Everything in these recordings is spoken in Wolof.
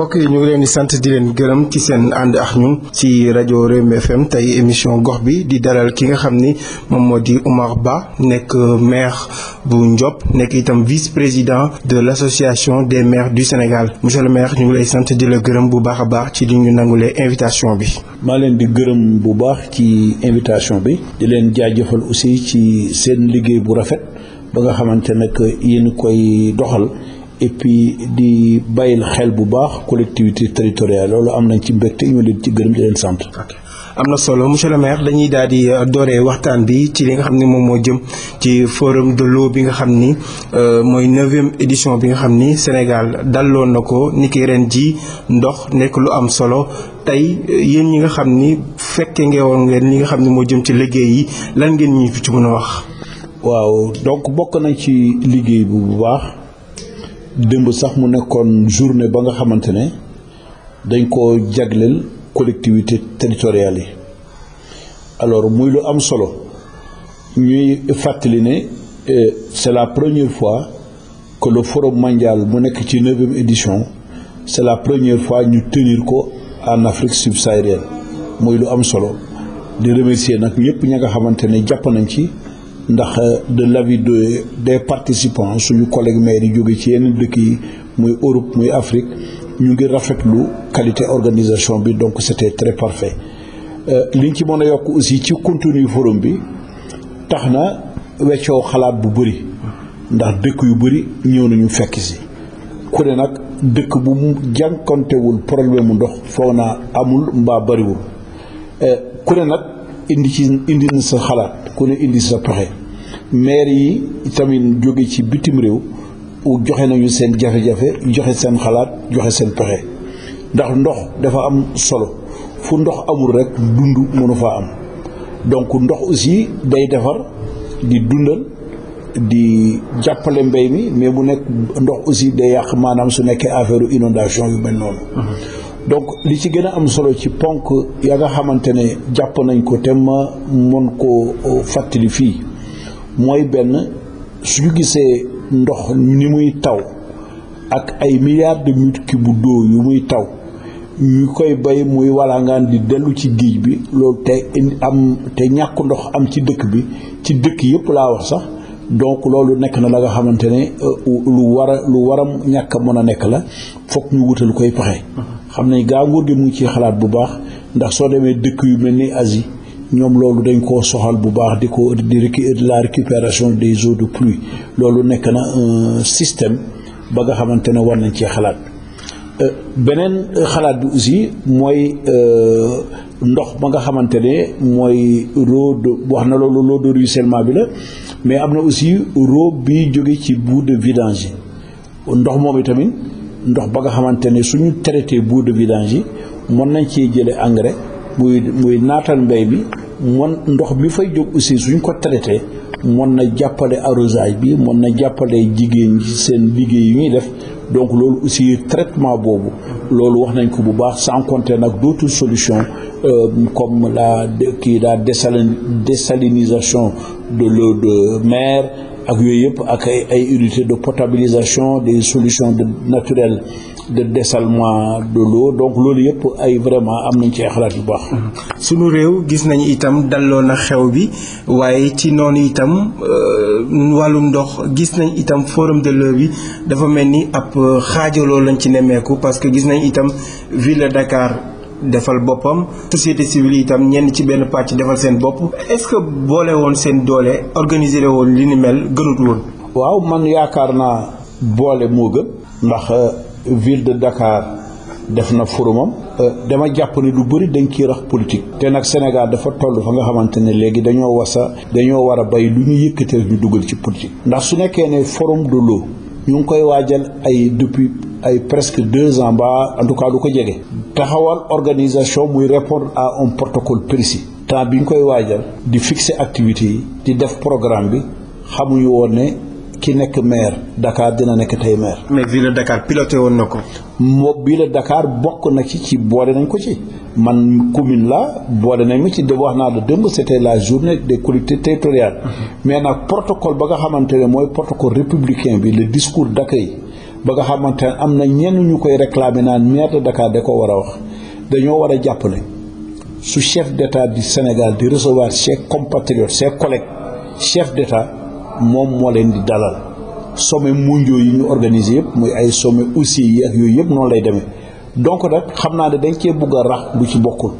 bokk yi ñu ngi leen di sant di leen gërëm ci seen ànd ak ñun ci rajo Rewmi FM tey émission gox bi di daral ki nga xam ni moom moo di Oumar Ba nekk maire bu Ndiop nekk itam vice président de l' association des maires du Sénégal monsieur le maire ñu ngi lay sant di la gërëm bu baax a baax ci duñu ñu nangulee invitation bi. maa leen di gërëm bu baax ci invitation bi di leen jaajëfal aussi ci seen liggéey bu rafet ba nga xamante ne yéen koy doxal. et puis di bàyyil xel bu baax collectivité territoriale loolu am nañ ci mbégte ñu leen ci gërëm di leen am na solo monsieur le maire dañuy daal di euh, dooree waxtaan bi ci li nga xam ne moom moo jëm ci forum de bi nga xam ni euh, mooy neuvième édition bi nga xam ni Sénégal dalloon na ko ni ren ji ndox nekk lu am solo tey euh, yéen ñi nga xam ni fekkee fekke ngeewoon ngeen li nga xam ne moo jëm ci liggéey yi lan ngeen ñu ci mën a wax. waaw donc bokk nañ ci liggéey bu bu baax. démb sax mu nekkoon journée ba nga xamante ne dañ ko jagleel collectivité territoriale yi alors muy lu am solo ñuy fàttali ne euh, c'est la première fois que le forum mondial mu nekk ci neuvième édition c'est la première fois ñu tenir ko en Afrique subsaharienne muy lu am solo di remercier nag ñëpp ña nga xamante ne jàpp nañ ci ndax euh, de l'avis de des participants suñu collègue maire yi jóge ci yenn dëkk yi muy Europe muy Afrique ñu ngi rafetlu qualité organisation bi donc c'était très parfait euh, liñ ci mën a yokk aussi ci contenu forum bi tax na weccoo xalaat bu bëri ndax dëkk yu bëri ñëw nañu fekk si ku ne nag dëkk bu mu jànkontewul problème mu ndox foog naa amul mbaa bëriwul euh, ku ne nag indi ci indi na sa xalaat ku ne indi sa pexe maire yi tamit jóge ci bitim réew joxe nañu seen jafe-jafe joxe seen xalaat joxe seen pexe ndax ndox dafa am solo fu ndox amul rek dund mënu faa am donc ndox aussi day defar di dundal di jàppale mbay mi mais bu nekk ndox aussi day yàq maanaam su nekkee affaire inondation yu mel noonu donc li ci gën a am solo ci ponk ya nga xamante ne jàpp nañ ko te ma mën koo euh, fàttali fii mooy benn suñu gisee ndox ni muy taw ak ay milliards de mètres cubes d'eau yu muy taw ñu koy bay muy walangaan di dellu ci géej bi loolu te am te ñàkku ndox am ci dëkk bi ci dëkk yëpp laa wax sax donc loolu nekk na la nga xamante ne euh, lu war a waram ñàkk mën a nekk la foog ñu wutal koy pexe xam nañ gaa nguur gi mu ci xalaat bu baax ndax soo demee dëkk yu mel ni Asie ñoom loolu dañ koo soxal bu baax di ko di la récupération des eaux de pluie loolu nekk na un système ba nga xamante ne war nañ cee xalaat euh, beneen xalaat bi aussi mooy euh, ndox ba nga xamante ne mooy eau de wax na loolu l'eau de ruissellement bi la mais am na aussi eau bi jóge ci bout de vidange ndox moom itamit ndox ba nga xamante ne suñu traité boue de vidange yi mën nañ cee jëlee engrais muy muy naatal mbéy bi mën ndox mi fay jóg aussi suñ ko traité mën na jàppale arrosage bi mën na jàppale jigéen seen liggéey yu ñuy def donc loolu aussi traitement boobu loolu wax nañ ko bu baax sans compter nag d'autres solution euh, comme la kii daal désalinisation de l'eau de mer ak yooyu yëpp ak ay ay de portabilisation des solution de naturelles de dessalement de l'eau donc loolu yëpp ay vraiment am nañ ci ay xalaat yu baax. Mm-hmm. sunu réew gis nañu itam dalloo na xew bi waaye ci noonu itam euh, wàllum ndox gis nañ itam forum de l'eau bi dafa mel ni ab euh, xaajaloo lañ ci nemmeeku parce que gis nañ itam ville de defal boppam société civile itam ñenn ci benn pàcc defal seen bopp est-ce que boole woon seen doole organiser woon li ni mel gënut woon. waaw man yaakaar naa boole moo gën. ndax euh, ville de Dakar def na forumam. Euh, dama jàpp ne lu bëri dañ ciy rax politique te nag Sénégal dafa toll fa nga xamante ne léegi dañoo wasa dañoo war a bay lu ñu yëkkatee ñu dugal ci politique ndax su nekkee ne forum de l'eau ñu ngi koy waajal ay depuis ay presque deux ans ba en tout cas lu ko jege taxawal organisation muy répondre à un protocole précis temps bi ñu koy waajal di fixer activités yi di def programme bi xamuñu woon ne ki nekk maire dakaar dina nekk tey maire. mais ville de Dakar piloté woon na ko. moo ville dakaar Dakar bokk na ci ci boole nañ ko ci man commune la boole nañ ma ci de wax naa la démb c'était la journée des collectivités territoriales. Mhm. mais nag protocole ba nga xamante ne mooy protocole républicain bi le discours d'accueil ba nga xamante ne am na ñenn ñu koy réclamer naan maire de Dakar da ko war a wax dañoo war a jàpp ne su chef d' état Sénégal di recevoir ses compatriotes ses collègues chef d' état moom moo leen di dalal sommet mondiaux yi ñu organiser yëpp muy ay sommet aussi yi ak yooyu yëpp noonu lay demee donc nag xam naa ne dañ cee bugg rax bu ci bokkul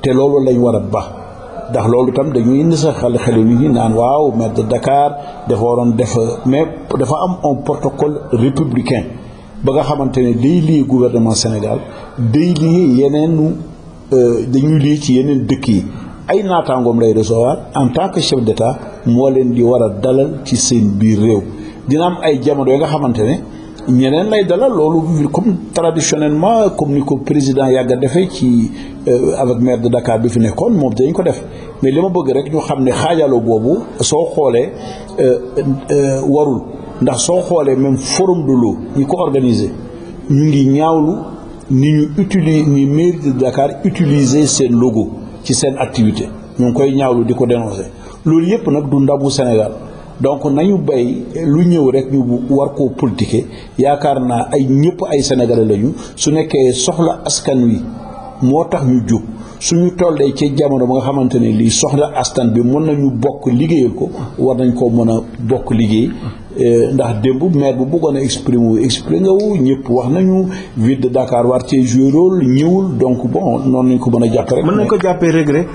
te loolu lañ war a ba ndax loolu itam dañuy indi sa xel xel yi naan waaw maire de Dakar dafa waroon def mais dafa am un protocole républicain ba nga xamante ne day lié gouvernement Sénégal day lié yeneenu euh, dañuy lié ci yeneen dëkk yi ay naataangoom lay recevoir en tant que chef d'état moo leen di war a dalal ci seen biir réew dina am ay jamono yi nga xamante ne. ñeneen lay dalal loolu comme traditionnellement comme ni ko président yàgg defee ci euh, avec maire de Dakar bi fi nekkoon moom dañ ko def mais li ma bëgg rek ñu xam ne xaajaloo boobu soo xoolee euh, euh, warul ndax soo xoolee même forum de l'eau ñi ko organiser ñu ngi ñaawlu ni ñu utiliser ni maire de Dakar utiliser seen logo ci seen activité ñu ngi koy ñaawlu di ko dénoncer loolu yépp nag du ndabu Sénégal donc nañu bay lu ñëw rek ñu war koo politiquer yaakaar naa ay ñëpp ay sénégalais lañu su nekkee soxla askan wi moo tax ñu jóg suñu tollee ci jamono ba nga xamante ne lii soxla askan bi mën nañu bokk liggéeyal ko war nañ ko mën a bokk liggéey euh, ndax démb maire bu bëggoon a exprimer wu exprimer nga wu ñëpp wax nañu ville de Dakar war cee jouer rôle ñëwul donc bon noonu lañ ko mën a jàpp rek. mën nañ ko jàppee regret.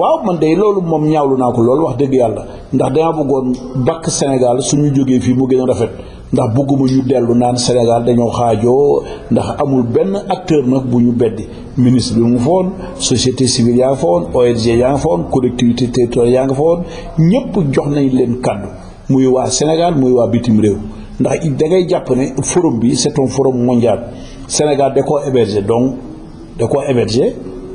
waaw man de loolu moom ñaawlu naa ko loolu wax dëgg yàlla ndax dama bëggoon bakk Sénégal suñu jógee fii mu gën a rafet ndax bëgguma ñu dellu naan Sénégal dañoo xaajoo ndax amul benn acteur nag bu ñu beddi ministre bi mu fa woon société civile yaa nga fa woon ONG yaa nga fa woon collectivité territoriale yaa ngi fa woon ñëpp jox nañ leen kàddu muy waa Sénégal muy waa bitim réew ndax da ngay jàpp ne forum bi c'est un forum mondial Sénégal de koo héberger donc da koo héberger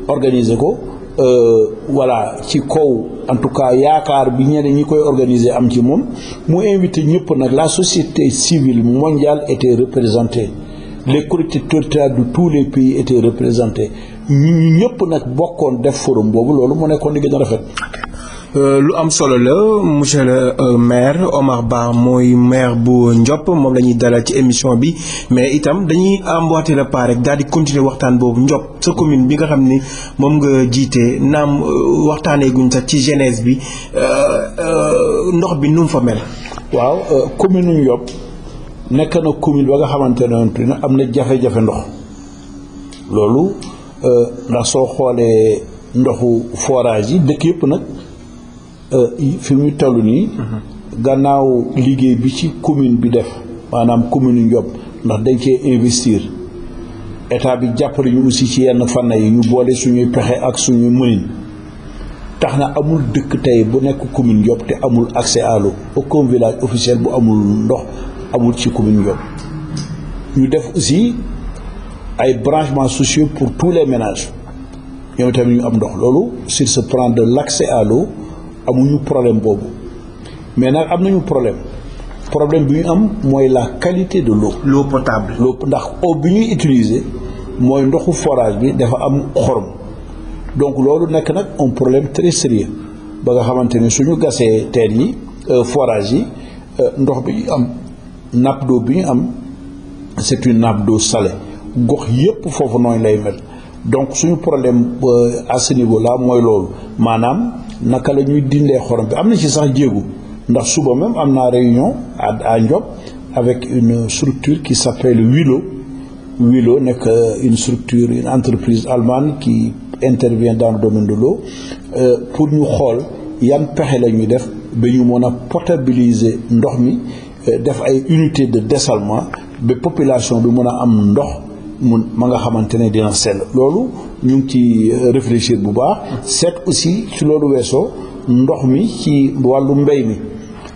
organiser ko. Euh, voilà ci kaw en tout cas yaakaar bi ñeneen ñi koy organiser am ci moom mu invité ñëpp nag la société civile mondiale était représentée les collectivités territoriales de tous les pays étaient représentées ñu ñëpp nag bokkoon def forum boobu loolu mu nekkoon di gën a rafet Euh, lu am solo la monsieur le euh, maire Omar Ba mooy maire bu Ndiop moom la ñuy dalal ci émission bi mais itam dañuy emboîter le pas rek daal di continuer waxtaan boobu Ndiop sa commune bi nga xam ni moom nga jiite naam euh, waxtaanee guñ sax ci jeunesse bi ndox bi nu mu fa mel. waaw commune Ndiop nekk na commune ba nga xamante ne am na jafe-jafe ndox loolu ndax soo xoolee ndoxu forage yi dëkk yëpp nag. Euh, fi mu toll nii. Mhm. gannaaw liggéey bi ci commune bi def maanaam commune Ndiob ndax dañ cee investir état bi jàppale ñu aussi ci yenn fànn yi ñu boole suñuy pexe ak suñuy mënin tax na amul dëkk tey bu nekk commune Ndiob te amul accès à l'eau aucun village officiel bu amul ndox amul ci commune Ndiob ñu def aussi ay branchements sociaux pour tous les ménages ñoom tamit ñu am ndox loolu sur ce plan de l'accès à amuñu problème boobu mais nag am nañu problème problème bi ñu am mooy la qualité de l'eau l'eau potable l'eau ndax eau bi ñuy utiliser mooy ndoxu forage bi dafa am xorom donc loolu nekk nag un problème très sérieux ba nga xamante ni suñu gasee teen yi euh, forage yi euh, ndox bi ñu am nappe do bi ñu am c'est une nappe d'eau salée gox yépp foofu nooñu lay mel donc suñu problème euh, à ce mooy loolu maanaam naka la ñuy dindee xorom bi am na ci sax jéegu ndax suba même am naa réunion à à Ndiob avec une structure qui s'appelle Wilo Wilo nekk euh, une structure une entreprise allemande qui intervient dans le domaine de l'eau euh, pour ñu xool yan pexe la ñuy def ba ñu mën a potabiliser ndox mi euh, def ay unité de dessalement ba population bi mën a am ndox mun ma nga xamante ne dina sell loolu ñu ngi ci réfléchir bu baax seet aussi ci loolu weesoo ndox mi ci wàllu mbay mi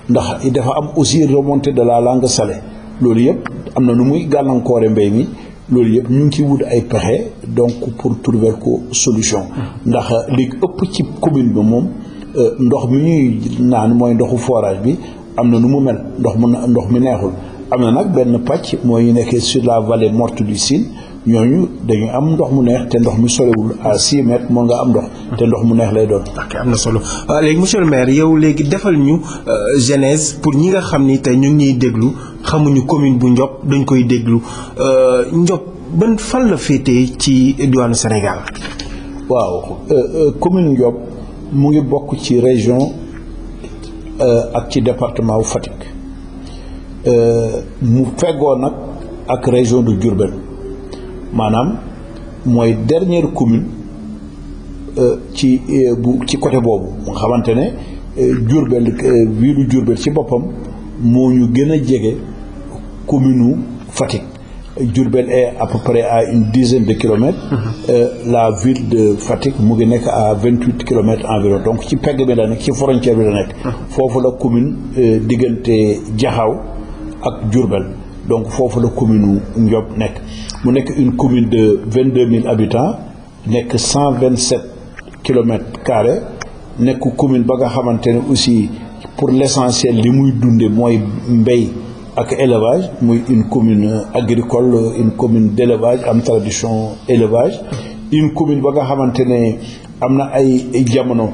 ndax dafa am aussi remontée de la langue salée loolu yëpp am na nu muy gàllankoore mbay mi loolu yëpp ñu ngi ciy wut ay pexe donc pour trouver ko solution ndax li ëpp ci commune bi moom euh, ndox mi ñuy naan mooy ndoxu forage bi am na nu mu mel ndox mu ndox mi neexul am na nag benn pàcc mooy yu nekkee sur la vallée morte du Sine ñooñu dañuy am ndox mu neex te ndox mi solewul à six mètres moo nga am ndox te ndox mu neex lay doon ok am na solo euh, léegi monsieur le yow léegi defal ñu euh, genèse pour ñi nga xam ni tey ñu ngi ñuy déglu xamuñu commune bu Ndiop dañ koy déglu euh, Ndiop ba fan la féetee ci diwaanu Sénégal waaw commune Ndiop mu ngi bokk ci région ak ci département wu Fatick Euh, mu feggoo nag ak région de Diourbel maanaam mooy dernière commune euh, ci euh, bu ci côté boobu nga xamante ne Diourbel wiilu Diourbel ci boppam moo ñu gën a jege commune Fatick Diourbel est à peu près à une dizaine de kilomètres mm-hmm. euh, la ville de Fatick mu ngi nekk à vingt-huit kilomètres environ donc ci pegg bi la nekk ci frontière bi la nekk mm-hmm. foofu la commune diggante Diakhao ak Diourbel donc foofu la commune u Ndiob nekk mu nekk une commune de vingt deux mille habitants nekk cent vingt sept kilomètres carrés nekk commune ba nga xamante ne aussi pour l'essentiel li muy dunde mooy mbéy ak élevage muy une commune agricole une commune délévage am tradition élevage une commune ba nga xamante ne am na ay jamono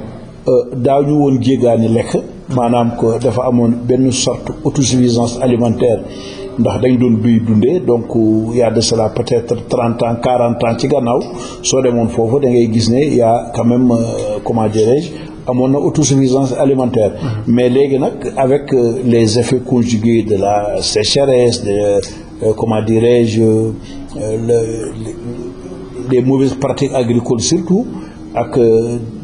Euh, daañu woon jéggaani lekk maanaam que dafa amoon benn sorte autosuffisance alimentaire ndax dañ doon duy dundee donc euh, y de cela peut-être trente ans quarante ans ci gannaaw soo demoon foofu dangay gis ne y a quand euh, comment dirais amoon na autosuffisance alimentaire mm-hmm. mais léegi nag avec les effets conjugués de la sécheresse de comment dirais-je le pratiques agricoles surtout ak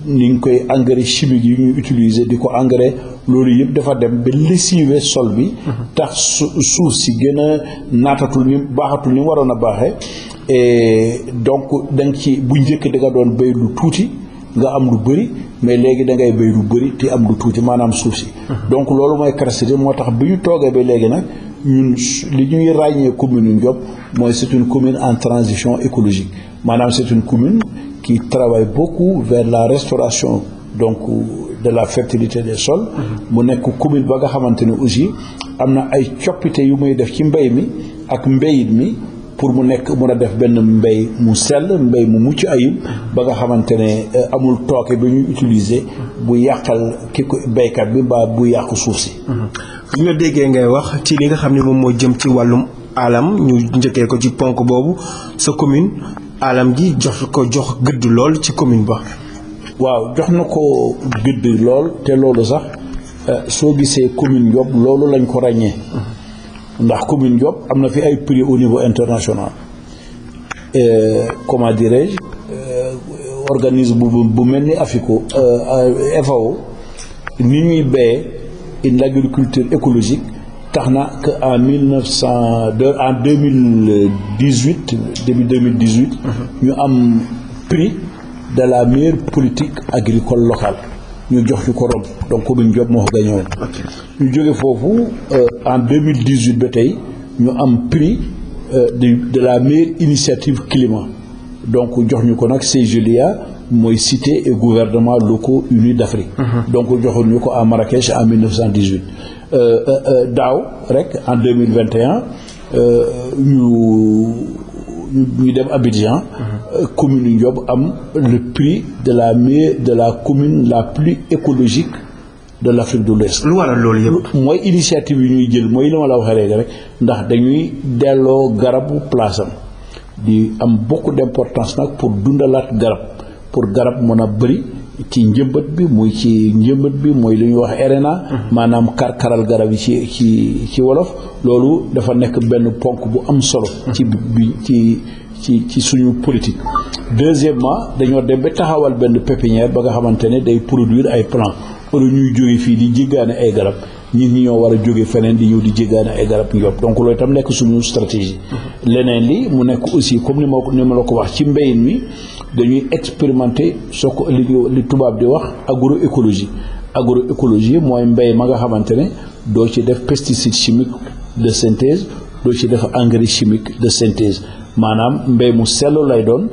ni ñu koy engrais chimique yi ñuy utiliser di ko engrais loolu yëpp dafa dem ba lessiver sol bi. tax su suuf si gën a naatatul ni baaxatul ni waroon a baaxee. et donc da ci bu njëkk da nga doon béy lu tuuti nga am lu bëri mais léegi da ngay lu bëri te am lu tuuti maanaam suuf si. donc loolu mooy caractéristique moo tax bi ñu toogee ba léegi nag. ñun li ñuy ràññee commune u mooy c'est une commune en transition écologique maanaam c'est une commune qui travaille beaucoup vers la restauration donc de la fertilité des sols mu nekk commune ba nga xamante ne aussi am na ay coppite yu muy def ci mbéy mi ak mbéyit mi pour mu nekk mun a def benn mbéy mu sell mbéy mu mucc ayib ba nga xamante ne eh, amul tooke bi ñu utiliser bu yàqal ki ko béykat bi mbaa bu yàqu suuf si li nga déggee ngay wax ci li nga xam ne moom moo jëm ci wàllum alam ñu njëkkee ko ci ponk boobu sa commune alam ji jox ko jox gëdd lool ci commune ba. waaw jox na ko gëdd lool te loolu sax eh, soo gisee commune Diop loolu lañ ko ràññee ndax commune Diop am na fi ay prix au niveau international eh, comment dirais-je eh, organisme bu bu mel ni Afiko FAO ni ñuy béyee une agriculture écologique. tax na que en mille neuf cent deux en deux mille dix huit début deux mille dix huit ñu am prix de la meilleure politique agricole locale ñu jox ñu ko rob donc commune Diop moo ko gagné ñu jóge foofu euh, en deux mille dix huit ba tey ñu am prix euh, de de la meilleure initiative climat donc jox ñu ko nag CGLIA mooy cité et gouvernement locaux unis d'Afrique mhm. donc joxoon ñu ko à Marrakech en 1918 Euh, euh, euh, daaw rek en deux mille vingt et un ñu ñu dem Abidjan. Mm-hmm. commune yu Ndiob am le prix de la meilleure de la commune la plus écologique de l' Afrique de l' Ouest. lu loolu yëpp. mooy initiative yi ñuy jël mooy li ma la waxee rek ndax dañuy delloo garabu place di am beaucoup d' importance nag pour dundalaat garab pour garab mën a bëri. ci njëmbat bi muy ci njëmbat bi mooy lu ñuy wax RNA. maanaam karkaral garab yi ci ci ci wolof loolu dafa nekk benn ponk bu am solo. ci bi ci ci ci suñu politique. deuxièmement dañoo dem ba taxawal benn pépinière ba nga xamante ne day produire ay plants wala ñuy jóge fii di jigaane ay garab. ñi ñi ñoo war a jóge feneen di ñëw di jéggaane ay garab njob donc loolu itam nekk suñu stratégie mm-hmm. leneen li mu nekk aussi comme ni ma ni ma la ko wax ci mbéyin mi dañuy expérimenté soo ko li li tubaab di wax agro écologie agro écologie mooy mbéy ma nga xamante ne doo ci def pesticide chimique de synthèse doo ci def engrais chimique de synthèse maanaam mbéy mu sellu lay doon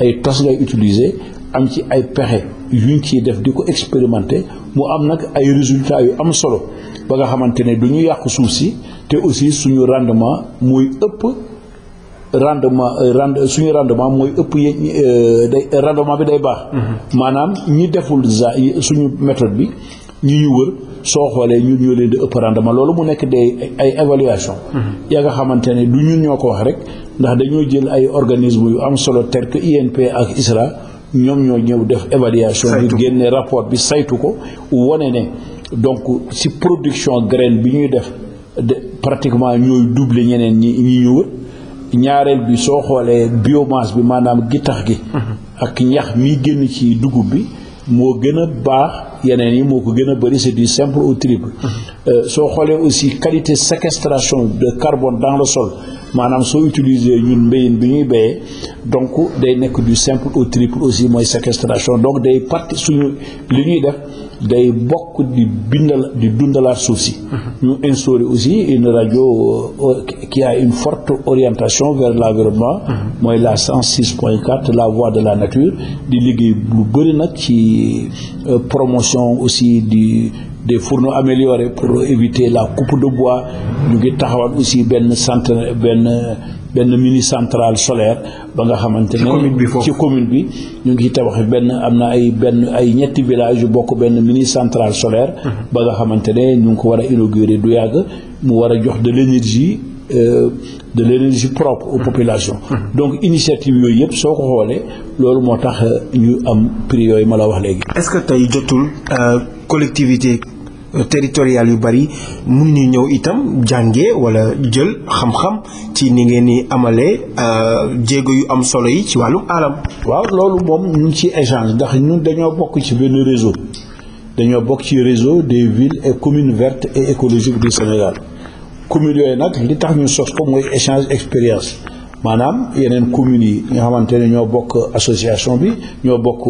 ay tos ngay utiliser am ci ay pexe yuñ ciy def di ko expérimenter mu am nag ay résultats yu am solo ba nga xamante ne du ñu yàqu suuf si te aussi suñu rendement mooy ëpp rendement euh, rende suñu rendement mooy ëpp ye euh, day rendement bi day baax. Mm-hmm. maanaam ñi deful za suñu méthode bi ñi ñu wër soo xoolee ñun ñoo leen di ëpp rendement loolu mu nekk day ay évaluation mm-hmm. yaa nga xamante ne du ñun ñoo ko wax rek ndax dañoo jël ay organisme yu am solo tel que ak ISRA. ñoom ñoo ñëw def évaluation bi génne rapport bi saytu ko wane ne donc si production graine bi ñuy def de pratiquement ñooy doubler ñeneen ñi ñi ñu wër ñaareel bi soo xoolee biomasse bi maanaam gittax gi mhm. ak ñax mi génn ci dugub bi moo gën a baax yeneen yi moo ko gën a bëri c'est du simple au triple euh, soo xoolee aussi qualité séquestration de carbone dans le sol maanaam soo utiliser ñun mbéyin bi ñuy béyee donc day nekk du simple au triple aussi mooy séquestration donc day parti suñu li ñuy def day bokk di bindal di dundalaat suuf si. Mhm. ñu instauré aussi une radio euh, euh, qui a une forte orientation vers l'environnement. Mhm. mooy la 106.4 la voix de la nature di liggéey lu bëri nag ci euh, promotion aussi di. des fourneaux améliorés pour éviter la coupe de bois ñu ngi taxawal aussi benn centre benn benn mini centrale solaire ba nga xamante ne ci commune bi ñu ngi tabax benn am na ay benn ay ñetti village yu bokk benn mini centrale solaire mhm. ba nga xamante ne ñu ngi ko war a inaugurer du yàgg mu war a jox de l'énergie Euh, de l'énergie propre aux populations mhm. Mhm. donc initiative yooyu yëpp soo ko xoolee loolu moo tax ñu am prix yooyu ma la wax léegi est-ce que tey jotul euh, collectivité euh, territoriale yu bari mu ñu ñëw itam jànge wala jël xam-xam ci ni ngeen ni amalee euh, jéego yu am solo yi ci wàllum alam. waaw loolu moom ñu ngi ci échange ndax ñu dañoo bokk ci benn réseau dañoo bokk ci réseau des villes et communes vertes et écologiques du Sénégal commune yooyu nag li tax ñu sos ko mooy échange expérience maanaam yeneen communes yi nga xamante ne ñoo bokk association bi ñoo bokk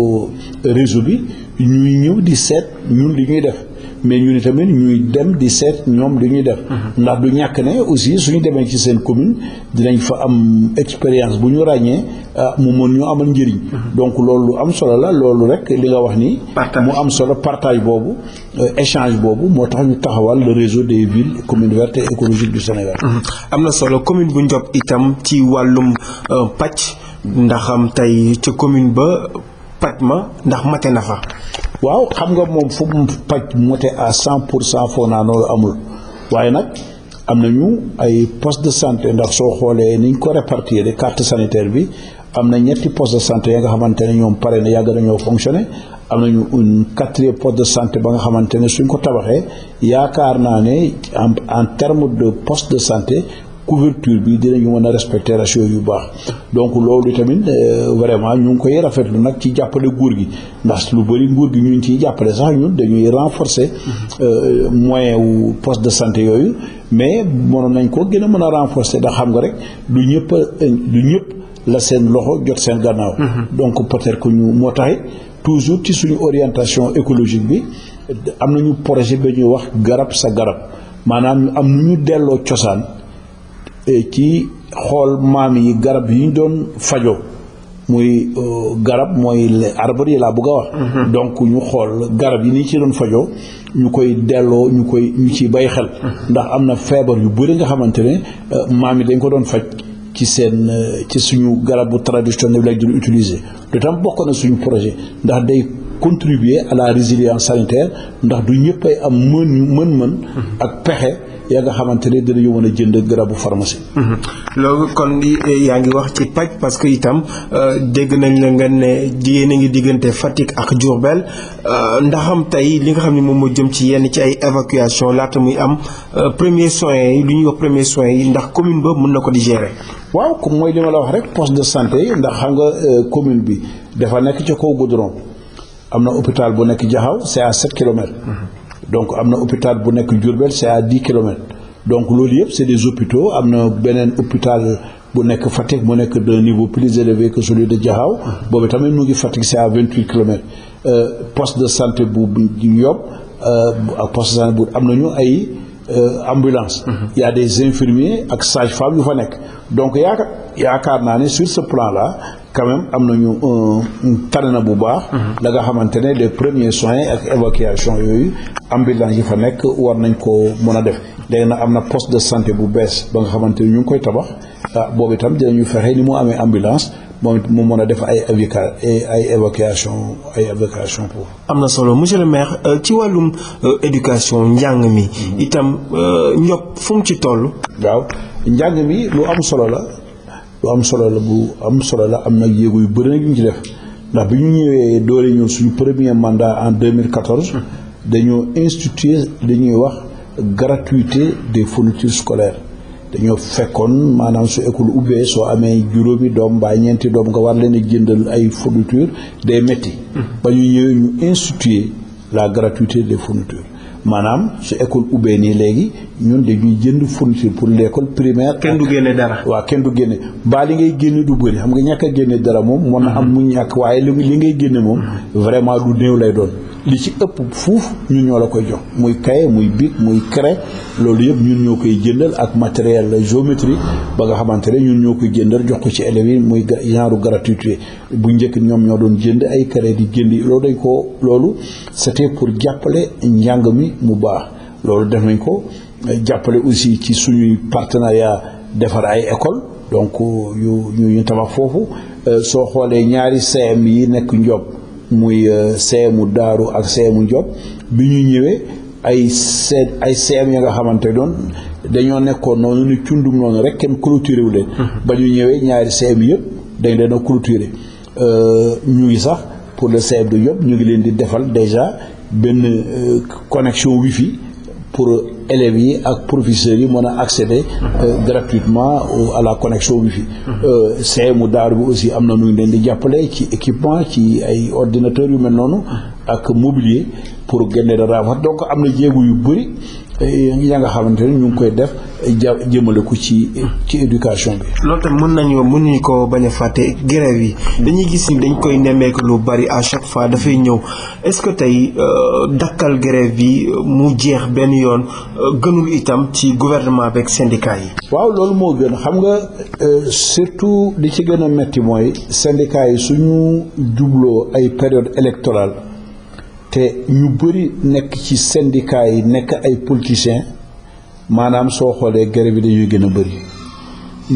réseau bi ñuy ñëw di seet. ñun li ñuy def mais ñun tamit ñuy dem di seet ñoom li ñuy def. Uh-huh. ndax du ñàkk ne aussi suñu demee ci seen commune dinañ fa am expérience bu ñu ràññee ah, mu mën ñu amal njëriñ. Uh-huh. donc loolu am solo la loolu rek li nga wax ni. mu am solo partage boobu euh, échange boobu moo tax ñu taxawal le réseau des villes commune vertes et écologiques du Sénégal. Uh-huh. am na solo commune bu Ndiob itam ci wàllum euh, pàcc ndax am ca commune ba. paj ma ndax mate na fa waaw xam nga moom fu mu paj mate à cent pour cent foo naa noonu amul waaye nag am nañu ay poste de santé ndax soo xoolee niñ ko répartir carte sanitaire bi am na ñetti poste de santé ya nga xamante ne ñoom pare na yàgg nañoo fonctionné am nañu un quatrième post de santé ba nga xamante ne suñ ko tabaxee yaakaar naa ne en terme de poste de santé couverture bi dinañu mën a respecter ratio yu baax donc loolu tamit euh, vraiment ñu ngi koy rafetlu nag ci jàppale nguur gi ndax lu bëri nguur gi ñu ngi ciy jàppale sax ñun dañuy renforcer mm-hmm. euh, moyen wu poste de santé yooyu mais mënoon nañ ko gën a mën a renforcer dax xam nga rek du ñëpp du ñëpp la seen loxo jot seen gannaaw. Mm-hmm. donc peut-être ñu moo taxit toujours ci suñu orientation écologique bi am nañu projet ba ñuy wax garab sa garab maanaam am nu ñu delloo cosaan. Eh, ci xool maam yi garab yi ñu doon fajoo muy euh, garab mooy arbre yi laa bëgg wax mhm. donc ñu xool garab yi ni ci doon fajoo ñu koy delloo ñu koy ñu ci bay xel mhm. ndax am na feebar yu bëri nga xamante ne euh, maam yi dañ ko doon faj ci seen euh, ci suñu garab bu garabu traditionnel lañ doon utiliser te tam bokk na suñu projet ndax day contribuer à la résilience sanitaire ndax du ñëpp ay am mën mën-mën mhm. ak pexe ya nga xamante ne dinañu mën a jënd garabu pharmacie. Mhm. loolu kon eh, yaa ngi wax ci paj parce que itam euh, dégg nañ la nga ne jigéen a ngi diggante Fatick ak Diourbel euh, ndaxam tey li nga xam ne moom moo jëm ci yenn ci ay évacuation laata muy am euh, premier soin yi lu ñuy wax premier soins yi ndax commune ba mën na ko di gérer. waaw comme mooy li la wax rek poste de santé ndax xam nga commune bi dafa nekk ci kaw goudron am na hôpital bu nekk Jaxaw c'est à 7 kilomètres. Mhm. donc am na hôpital bu nekk Diourbel c'est à dix kilomètres donc loolu yëpp c'est des hôpitaux am na beneen hôpital bu nekk Fatick mu nekk d'un niveau plus élevé que celui de Diakhao boobu tamit mu ngi Fatick c'est à vingt huit kilomètres euh, poste de santé bu Yob ak euh, poste de santé bu am na ñu ay euh, ambulance mhm. il y a des infirmiers ak sage-femme yu fa nekk donc yaakaar yaakaar naa ne sur ce plan là quand même am nañu tane na bu baax. la mm-hmm. nga xamante ne les premiers soin ak évacuation yooyu ambulance yi fa nekk war nañ ko mën a def léegi na am na poste de santé bu bees ba nga xamante ni ñu ngi koy tabax ah boobu itam dinañu fexe ni mu amee ambulance. moom mu mën a def ay avica ay évacuation ay évacuation pour. am na solo monsieur le maire euh, ci wàllum euh, éducation njàng mi. Mm-hmm. itam ñopp euh, fu mu ci toll. waaw njàng mi lu am solo la. lu am solo la bu am solo la am na yéegu yu bëri nag ñu def ndax bi ñu ñëwee doole ñun suñu premier mandat en 2014 dañoo instituer dañuy wax gratuité de fournitures scolaires dañoo fekkoon maanaam su école ubbee soo amee juróomi doom baa ñeenti doom nga war leen a jëndal ay fourniture day métti ba ñu ñëwee ñu instituer la gratuité des fournitures maanaam su école ubbee nii léegi ñun dañuy jënd fourniture pour l'école primaire. kenn du génne dara waa kenn du génne baa li ngay génne du bëri xam nga ñàkk a génne dara moom. mën na am mu ñàkk waaye li ngay génne moom. Mm-hmm. vraiment du néew lay doon. li ci ëpp fuuf ñun ñoo la koy jox muy cahier muy bic muy craie loolu yëpp ñun ñoo koy jëndal ak matériel la géométrie ba nga xamante ne ñun ñoo koy jëndal jox ko ci élèves yi muy genre gratuité bu njëkk ñoom ñoo doon jënd ay craie di jënd loolu dañ ko loolu c'était pour jàppale njàng mi mu baax loolu def nañ ko jàppale aussi ci suñuy partenariat defar ay école donc euh, yu ñu ñu tabax foofu euh, soo xoolee ñaari CM yi nekk Ndiob muy euh, seemu daaru ak seemu Njob bi ñu ñëwee ay seet ay seem ya nga xamante doon dañoo nekkoon noonu ni cundum noonu rek kenn clôturé wu leen. Mm-hmm. ba ñu ñëwee ñaari seem yëpp dañ leen a clôturé euh, ñu ngi sax pour le seem du Njob ñu ngi leen di defal déjà benn euh, connexion wifi pour élèves yi ak professeurs yi mën a accéder euh, gratuitement à la connexion wifi CMU mhm. euh, daar bi aussi am na nu ñu leen di jàppale ci équipement ci ay ordinateurs yu mel noonu mhm. ak mobilier pour génne da raafat donc am na jéego yu bëri ya nga xamante ne ñu ngi koy def ja jëmale ko ci ci éducation bi. lool tam mën nañu mën nañu ko bañ a fàtte grève yi. dañuy gis ni dañ koy nemmeeku lu bari à chaque fois dafay ñëw est-ce que tey euh, dakkal grève bi mu jeex benn yoon euh, gënul itam ci gouvernement beeg syndicat yi. waaw loolu moo gën xam nga euh, surtout li ci gën a metti mooy syndicat yi suñu jubloo ay période électorale. te ñu bëri nekk ci syndicat yi nekk ay politiciens maanaam soo xoolee grève bi dañuy gën a bëri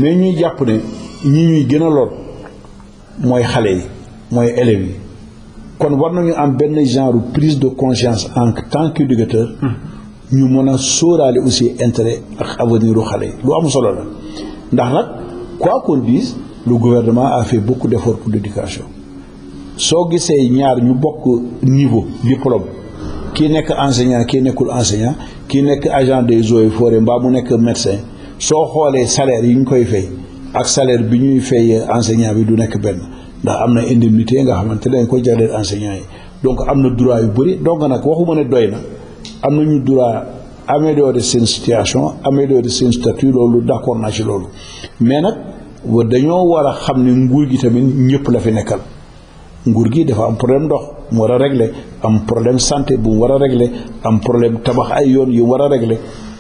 mais ñuy jàpp ne ñi ñuy gën a mooy xale yi mooy élèves yi kon war nañu am benn genre prise de conscience en tant qu'éducateur hmm. ñu mën a sóoraale aussi intérêt ak avenir xale yi lu am solo la ndax nag quoi qu'on dise le gouvernement a fait beaucoup d'efforts pour l'éducation soo gisee ñaar ñu bokk niveau diplôme kii nekk enseignant ki nekkul enseignant kii nekk agent des eaux et forêts mbaa mu nekk médecin soo xoolee salaire yi ñu koy fay ak salaire bi ñuy fay enseignant bi du nekk benn ndax am na indemnité nga xamante dañ ko jagleel enseignant yi donc am na droit yu bëri donc nag waxuma ne doy na am na nañu droit de seen situation de seen statut loolu d'accord naa ci loolu mais nag dañoo wara xam ne nguur gi tamit ñëpp la fi nekkal nguur gi dafa am problème ndox mu war a régler am problème santé bu war a régler am problème tabax ay yoon yu war a régler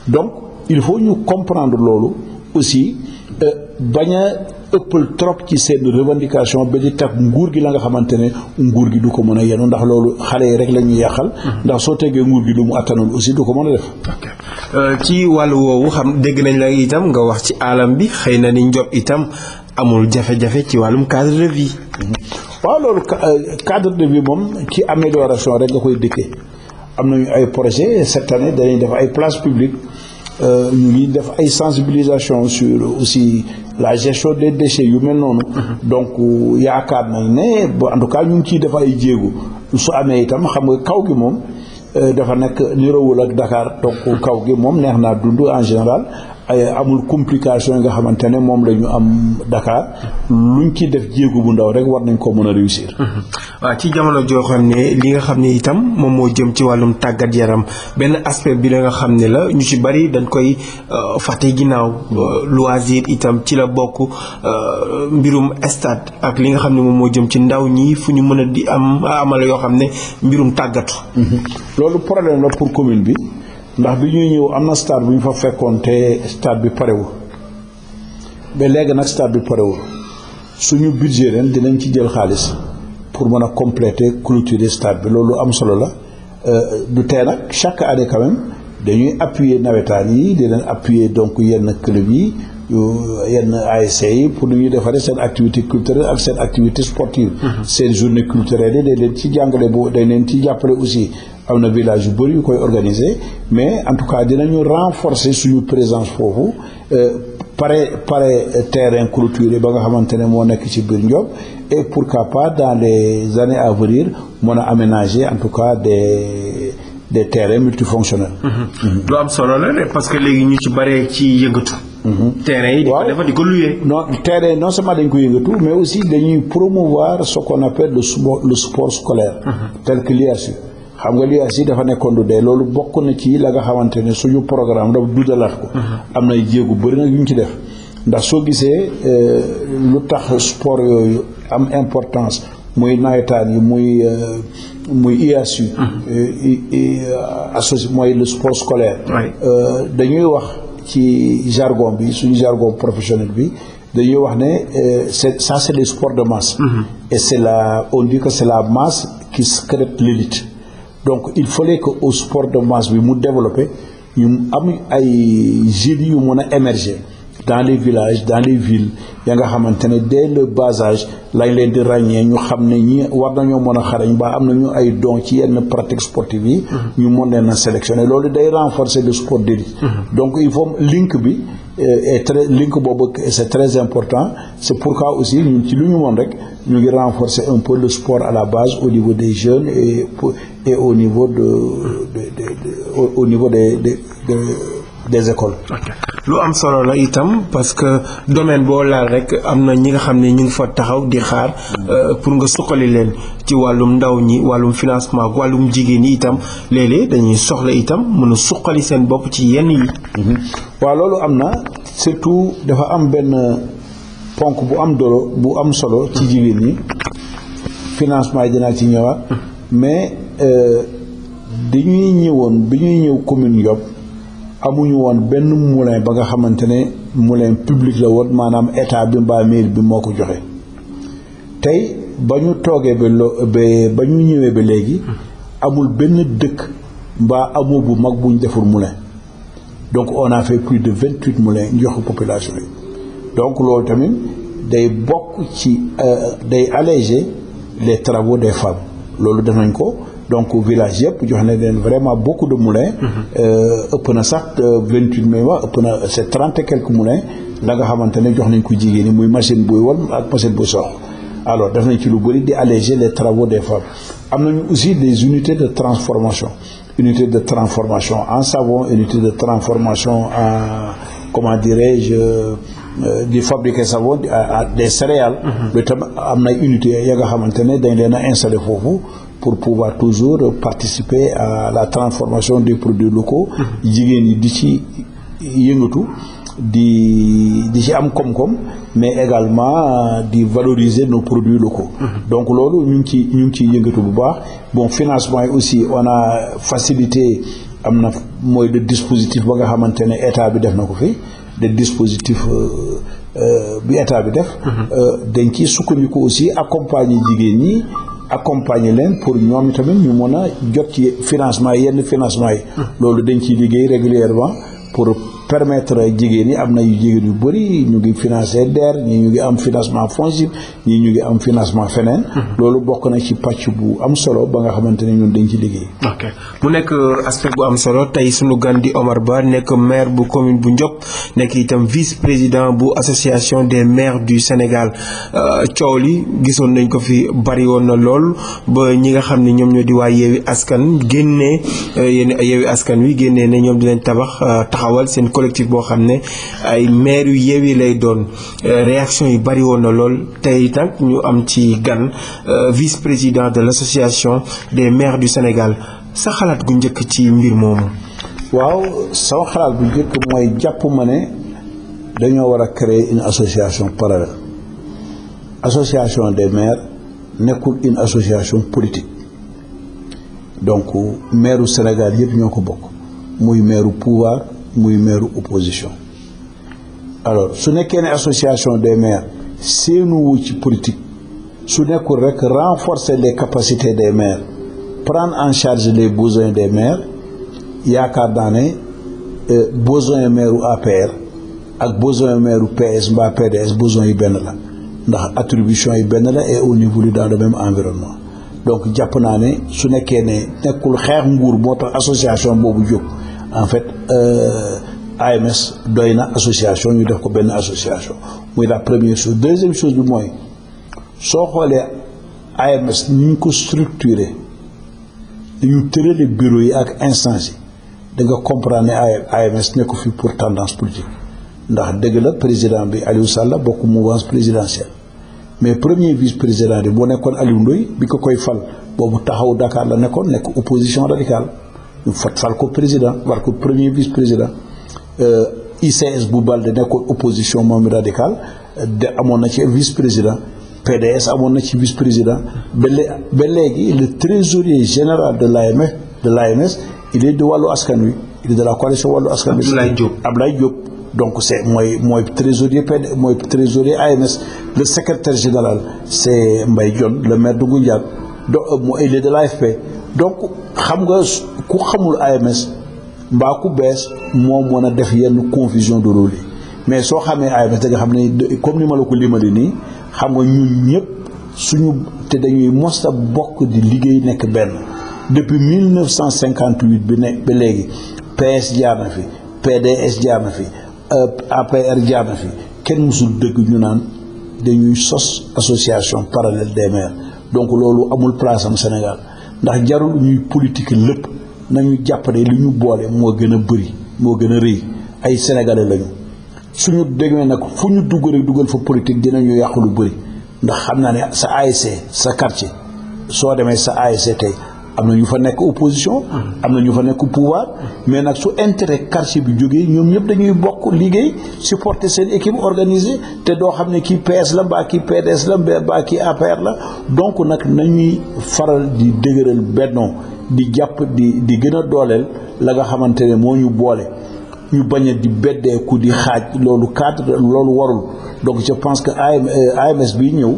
donc il faut ñu comprendre loolu aussi euh, bañ a ëppal trop ci seen revendication ba di teg nguur gi la nga xamante ne nguur gi du ko mën a yenu ndax loolu xale yi rek la ñuy yàqal. Mm-hmm. ndax soo tegee nguur gi lu mu attanul aussi du ko mën a def. Euh, ci wàllu woowu xam dégg nañ la itam nga wax ci alam bi xëy na ni njob itam amul jafe-jafe ci wàllum cadre de vie. Mm-hmm. waaw loolu euh, cadre de bi moom ci amélioration rek nga koy dëkkee am na ñu ay projet cette année danañ def ay places publiques euh, ñu ngi def ay sensibilisation sur aussi la gestion des déchets yu mel noonu mm-hmm. donc euh, yaakaar nañ ne ba en tout cas ñu ngi ciy def ay jéego su amee itam xam nga kaw gi moom dafa nekk niroowul ak Dakar donc kaw gi moom neex naa dund en général ay amul complication yi nga xamante ne moom la ñu am Dakar luñ ci def jéego bu ndaw rek war nañ ko mën a réussir. waaw ci jamono joo xam ne li nga xam ne itam moom moo jëm ci wàllum tàggat yaram benn aspect bi la nga xam ne la ñu ci bari dañ koy euh, fàtte ginnaaw euh, loisir itam ci la bokk euh, mbirum stade ak li nga xam ne moom moo jëm ci ndaw ñi fu ñu mën a di am amala yoo xam ne mbirum tàggatu. Mhm. loolu problème la pour commune bi. ndax bi ñuy ñëw am na stade bu ñu fa fekkoon te stade bi parewul ba léegi nag stade bi parewul suñu budget ren dinañ ci jël xaalis pour mën a compléter clôturer stade bi loolu am solo la euh, du tee nag chaque année quand dañuy appuyer nawetaan yi di leen appuyer donc yenn club yi yenn ASC yi pour nu ñuy defaree seen activité culturelle ak seen activité sportive. seen journée culturelle yi dañ leen ci jàngale bu dañ leen ci jàppale aussi am na village yu bëri yu koy organiser mais en tout cas dinañu renforcer suñu présence foofu euh, pare pare terrain clôturé ba nga xamante ne moo nekk ci biir Ndiob pour pourquoi pas dans les années à venir mën a en tout cas des des terrains multifonctionnels. Mmh. Mmh. lu am solo la parce que léegi ñu ci bare ci yëngatu. Mmh. terrain yi di ko defar di ko luyee. non terrain non seulement dañ ko yëngatu mais aussi dañuy promouvoir ce qu'on appelle le sport le sport scolaire. tel xam nga liaas yi dafa nekkoon du dee loolu bokk na ci la nga xamante ne suñu programme dafa dundalaat ko uh-huh. am nay jéegu bëri nag yu ñu ci def ndax soo gisee euh, lu tax sport yooyu am importance muy nawetaan yi muy euh, muy IAS yi uh-huh. euh, associé mooy le sport scolaire dañuy wax ci jargon bi suñu jargon professionnel bi dañuy wax ne c'est ça c'est les sports de masse uh-huh. et c'est la on dit que c'est la masse qui se crée donc il fallait que au sport de masse bi mu développé ñu am ay jeunes yu mën a émerger dans les villages dans les villes ya nga xamante ne dès le bas lañ leen di ràññee ñu xam ne ñi war nañoo mën a xarañ ba am nañu ay don ci yenn pratique sportive yi. Mhm. ñu mën leen sélectionner loolu day renforcer le sport d'élite. Mhm. donc il faut link bi euh, est très link boobu c'est très important c'est pourquoi aussi ñun ci lu ñu mën rek ñu ngi renforcer un peu le des et au niveau de, de, de, au niveau des des des écoles. Okay. lu am solo la itam parce que domaine boo laal rek am na ñi nga xam ne ñu ngi fa taxaw di xaar euh, pour nga suqali leen ci wàllum ndaw ñi wàllum financement wàllum jigéen yi itam léeg-léeg dañuy soxla itam mën a suqali seen bopp ci yenn yi. Mhm. waa loolu am na surtout dafa am benn ponk bu am dolo bu am solo ci jigéen ñi financement yi dinaa ci ñëwaat. Hmm. mais euh, dañuy ñëwoon bi ñuy ñëw commune Yoff amuñu woon benn moulin ba nga xamante ne moulin public la woon maanaam état bi mbaa mairie bi moo ko joxe tey ba ñu toogee ba lo ba ñu ñëwee ba léegi amul benn dëkk mbaa amoo bu mag buñ ñu deful moulin donc on a fait plus de vingt huit moulins joxe population yi donc loolu tamit day bokk ci euh, day alléger les travaux des femmes loolu def nañ ko donc village yëpp jox nañ leen vraiment beaucoup de moulins. Euh, ëpp na sax euh, vingt huit mai waa ëpp na c'est trente et quelques moulins la nga xamante ne jox nañ ko jigéen ñi muy machine buy wal ak machine bu sox alors def nañ ci lu bëri di alléger les travaux des femmes am nañu aussi des unités de transformation unité de transformation en savon unité de transformation en comment dirais-je Euh, di fabriquer savon des céréales lu mhm. tam am na unité ya nga xamante ne dañ leen a installé foofu pour pouvoir toujours participer à la transformation des produits locaux mhm. jigéen yi di ci yëngatu di di ci am koom-koom mais également euh, di valoriser nos produits locaux mmh. donc loolu ñu ngi ci ñu ngi ciy yëngatu bu baax bon financement yi aussi on a facilité am na mooy le dispositif ba nga xamante ne état bi def na ko fii des dispositifs euh, euh, bi état bi def. Mhm. Euh, dañ ciy sukkandiku aussi accompagner jigéen ñi. accompagner leen pour ñoom tamit ñu mën a jot ci financement yenn financement yi. Mhm. loolu dañ ciy liggéey régulièrement pour. permettre jigéen yi am na yu jigéen yu bëri ñu ngi financé DER ñii ñu ngi am financement FONGIP ñii ñu ngi am financement feneen. Mhm. loolu bokk na ci pacc bu am solo ba nga xamante ne ñun dañ ci liggéey. ok mu nekk euh, aspect bu am solo tey sunu gan di Omar Ba nekk maire bu commune bu Ndiop nekk itam vice président bu association des maires du Sénégal euh, coow li gisoon nañ ko fi bari woon na lool ba ñi nga xam ne ñoom ñoo di waa Yewwi Askan génnee euh, yéen Yewwi Askan wi génnee ne ñoom dinañ tabax taxawal seen. collectif boo xam ne ay maire yu yeewi lay doon euh, réaction yu bari woon na lool tey nag ñu am ci gan euh, vice président de l'association des maires du Sénégal sa xalaat gu njëkk ci mbir moomu. waaw sama xalaat bu njëkk mooy jàpp ma ne dañoo war a créer une association parallèle association des maire nekkul une association politique donc mairu Sénégal yëpp ñoo ko bokk muy maireu pouvoir muy maire opposition alors su nekkee ne association des maires seenuwu ci politique su nekkul rek renforcer les capacités des maires prendre en charge les besoins des maires yaakaar naa ne euh, besoin maire u APR ak besoin maire u PS mbaa PDS besoin yi benn la ndax attribution yi benn la et on évolue dans le même environnement donc jàpp naa ne su nekkee ne nekkul xeex nguur moo tax association boobu jóg en fait euh, AMS doy na association ñu def ko benn association muy la première chose deuxième chose bi mooy soo xoolee AMS ni ñu ko structuré ni ñu tëralee bureau yi ak instance yi da nga comprendre ne AMS nekk fi pour tendance politique ndax dëgg la président bi Aliou Sall bokk mouvance présidentielle mais premier vice président bi boo nekkoon Aliou Ndoye bi ko koy fal boobu taxaw Dakar la nekkoon nekk opposition radicale ñu fat fal ko président war ko premier vice président euh, ICS bu bal Balde nekkoon opposition moom radicale de amoon na ci vice président PDS amoon na ci vice président ba lé ba léegi le trésorier général de l'AMF e, de l'AMS il est de wàllu askan wi il est de la coalition wàllu askan wi. Abdoulaye Diop Abdoulaye Diop donc c'est mooy mooy trésorier PD mooy trésorier AMS le secrétaire général c'est mbay Dione le maire de Ngoundiane donc euh, il est de l'AFP donc xam nga ku xamul AMS mbaa ku bees moom mën a def yenn confusion de rôle yi mais soo xamee AMS da xam ne comme ni ma la ko limali nii xam nga ñun ñëpp suñu te dañuy mos a bokk di liggéey nekk benn depuis 1958 bi ne ba léegi PS jaar na fi PDS jaar na fi euh, APR jaar na fi kenn mosul dëgg ñu naan dañuy sos association parallèle des maires donc loolu amul place am Sénégal. ndax jarul ñuy politique lépp nañu jàppale li ñu boole moo gën a bëri moo gën a rëy ay sénégalais lañu suñu déggee nag fu ñu dugg rek dugal fa politique dinañu yàq lu bëri ndax xam naa ne sa ASC sa quartier soo demee sa ASC tey am na ñu fa nekk opposition hmm. am na ñu fa nekk pouvoir mais nag su intérêt quartier bi jógee ñoom ñëpp dañuy bokk liggéey supporter seen équipe organisée te doo xam ne kii PS la mbaa kii PDS la mbaa kii APR la donc nag nañuy faral di dëgëral bennoo di jàpp di di gën a dooleel la nga xamante ne moo ñu boole ñu bañ a di beddeeku di xaaj loolu cadre loolu warul donc je pense que AMS euh, bi ñëw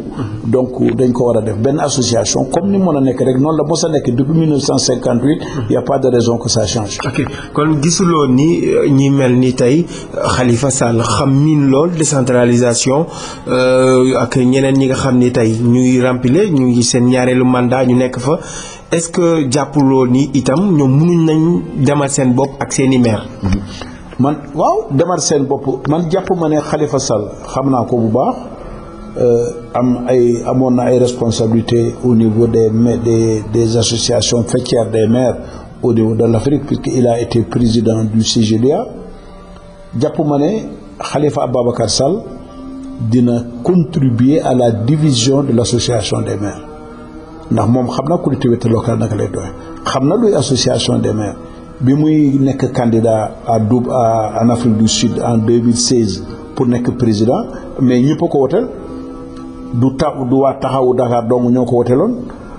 donc dañ ko war a def benn association comme ni mën a nekk rek noonu la mos a nekk depuis 1958 y a pas de raison que ça change kon gisuloo ni euh, ñi mel ni tey xalifa Sall xam miin lool décentralisation euh, ak ñeneen ñi nga xam ni tey ñuy rempile ñu ngi seen ñaareelu mandat ñu nekk fa est-ce que jàppuloo nii itam ñoom mënuñ nañ demal seen bopp ak seen i maire mm-hmm. man waaw demar seen bopp man jàpp ma ne xalifa Sall xam naa ko bu baax euh, am ay amoon na ay responsabilité au niveau des des des association faîtières des maires au niveau de l'Afrique puisqu'il a été président du CGLUA jàpp ma ne Khalifa Ababacar Sall dina contribuer à la division de l'association des maires ndax moom xam na collectivité local naka lay doon xam na luy association des maires bi muy nekk candidat à Doub à en Afrique du Sud en 2016 pour nekk président mais ñëpp ko woteel du ta du waa taxawu Dakar doomu ñoo ko woteeloon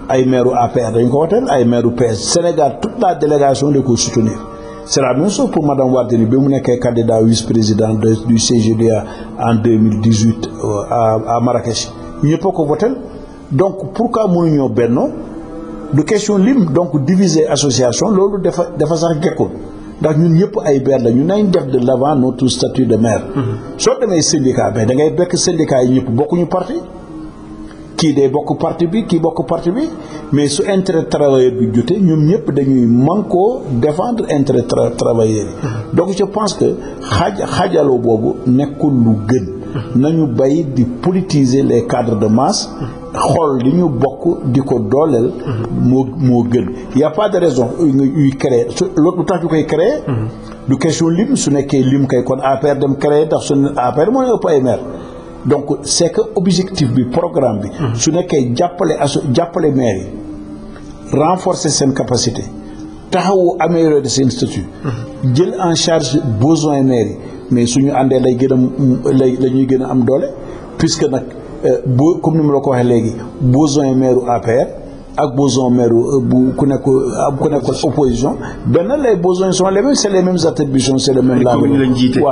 ay maire APR dañ ko woteel ay meeru PS Sénégal toute la délégation da ko soutenir c'est la même chose pour madame Wardini bi mu nekkee candidat vice président du CGDA en 2018 euh, à Marrakech ñëpp a ko woteel donc pour pourquoi mënuñoo bennoo du question lim donc diviser association loolu dafa dafa sax gekkul ndax ñun ñëpp ay benn la ñu nañ def de l'avant notre statut de maire mhm. soo demee syndicat mais da ngay bekk syndicat yi ñëpp bokkuñu parti kii day bokk parti bi kii bokk parti bi mais su intérêt travailleur bi jotee ñoom ñëpp dañuy manko défendre intérêt travailleur yi mhm. donc je pense que xaaj xaajaloo boobu nekkul lu gën nañu bàyyi di politiser les cadres de masse xool li ñu bokk di ko dooleel moo moo gën y a pas de raison yuy créer lu tax ñu koy créer du question lim su nekkee lim kay kon APR dem créer ndax su APR moo ne ëpp ay maire donc c'est que objectif bi programme bi su nekkee jàppale aso jàppale maire yi renforcer seen capacité taxawu améliorer de seen statut jël en charge besoin maire yi mais suñu àndee lay gën a lay la ñuy gën a am doole puisque nag euh, boo comme ni mu la ko waxee léegi besoin maire APR ak besoin maire bu ku nekk ku nekk opposition benn les besoins sont les mêmes c'est les mêmes attributions c'est le même. waaw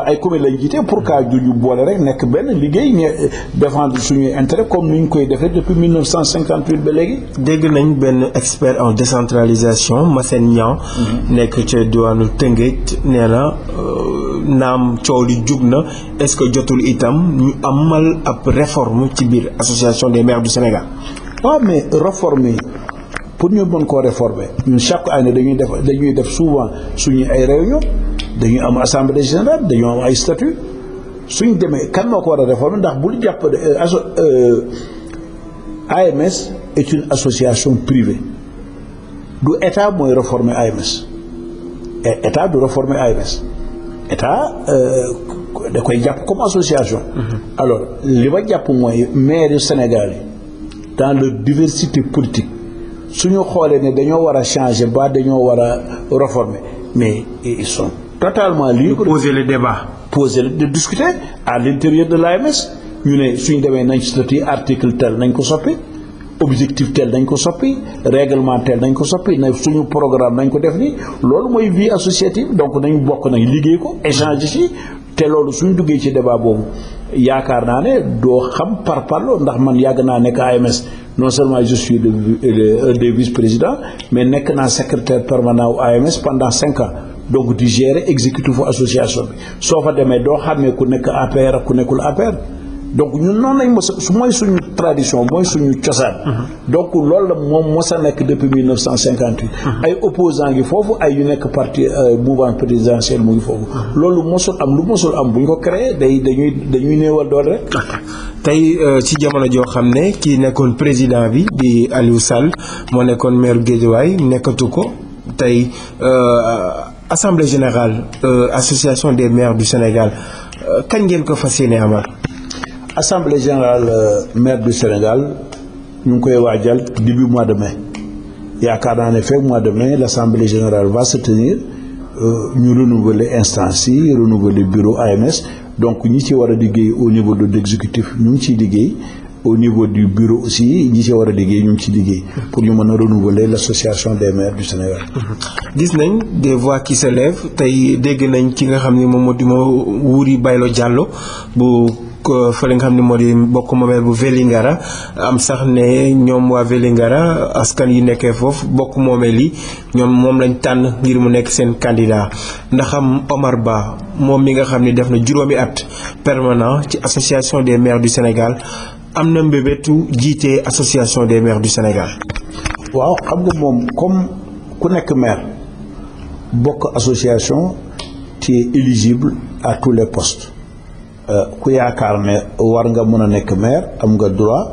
ay communes lañ jiite pour que ñu boole rek nekk benn liggéey ñu défendre suñuy intérêt comme ni ñu koy defee depuis 1958 ba léegi. dégg nañu benn expert en décentralisation Massène Niang. Mhm. nekk ca diwaanu Tëngéej nee na euh, naam coow li jug na est-ce que jotul itam ñu amal ab réforme ci biir association des maires du Sénégal. ah mais réforme pour ñu mën koo réformer ñun chaque année dañuy def dañuy def souvent suñu ay réunion dañuy am assemblée générale dañu am ay statut suñ demee kan moo ko war a réformer ndax bul jàpp euh, AMS euh, est une association privée du état mooy réformer AMS état du réformer AMS état euh, da koy jàpp comme association. Mm-hmm. alors li ma jàpp mooy maire yu Sénégal dans leur diversité politique su ñu xoolee ne dañoo war a changer ba dañoo war a réformer mais ils sont totalement libres. poser le débat. poser le de discuter à l'intérieur de la l'AMS ñu ne suñu demee nañ statut article tel nañ ko soppi objectif tel nañ ko soppi règlement tel nañ ko soppi na suñu programme nañ ko def nii loolu mooy vie associative donc nañu bokk nañ liggéey ko échanger ci te loolu suñu duggee ci débat boobu. yaakaar naa ne doo xam par parlo ndax man yàgg naa nekk AMS non seulement je suis le, le, le vice-président mais nekk naa secrétaire permanent wu AMS pendant cinq ans donc di gérer exécutif association bi soo fa demee doo xàmmee ku nekk APR ak ku nekkul APR donc ñun noonu lañ mos su mooy suñu tradition mooy suñu cosaan. Mm-hmm. donc loolu la moom mosa nekk depuis 1958. Mm-hmm. ay opposants ngi foofu ay yu nekk parti euh, mouvement présidentiel mu ngi foofu. Mm-hmm. loolu mosul am lu mosul am bu ñu ko créé day dañuy dañuy néewal doole rek. tey euh, ci jamono joo xam ne kii nekkoon président bi di Aliou Sall moo nekkoon maire Guédiawaye nekkatu ko tey euh, assemblée général association des maire du Sénégal kañ ngeen ko fas yéene amal. assemblée générale euh, maire du Sénégal ñu ngi koy waajal début mois de mai yaakaar naa ne fekk mois de mai l' assemblée générale va se tenir euh, ñu renouveler instance yi renouveler bureau AMS donc ñi ci war a liggéey au niveau de l' exécutif ñu ngi ciy liggéey au niveau du bureau aussi ñi ci war a liggéey ñu ngi ci liggéey pour ñu mën a renouveler l' association des maires du Sénégal. Mmh. gis nañ des voix qui s'élèvent tey dégg nañ ki nga xam ni moom moo di ma Wuri Baylo Diallo bu. ko fële nga xam ne moo di bokk moomeel bu Vélingara am sax ne ñoom waa Vélingara askan yi nekkee foofu bokk moomeel yi ñoom moom lañ tànn ngir mu nekk seen candidat ndax Omar Ba moom mi nga xam ne def na juróomi at permanent ci association des maires du Sénégal am na mbébétu jiite association des maires du Sénégal. waaw xam nga moom comme ku nekk maire bokk association tu es éligible à tous les postes. Eh, ku yaakaar ne war nga mën a nekk maire am nga droit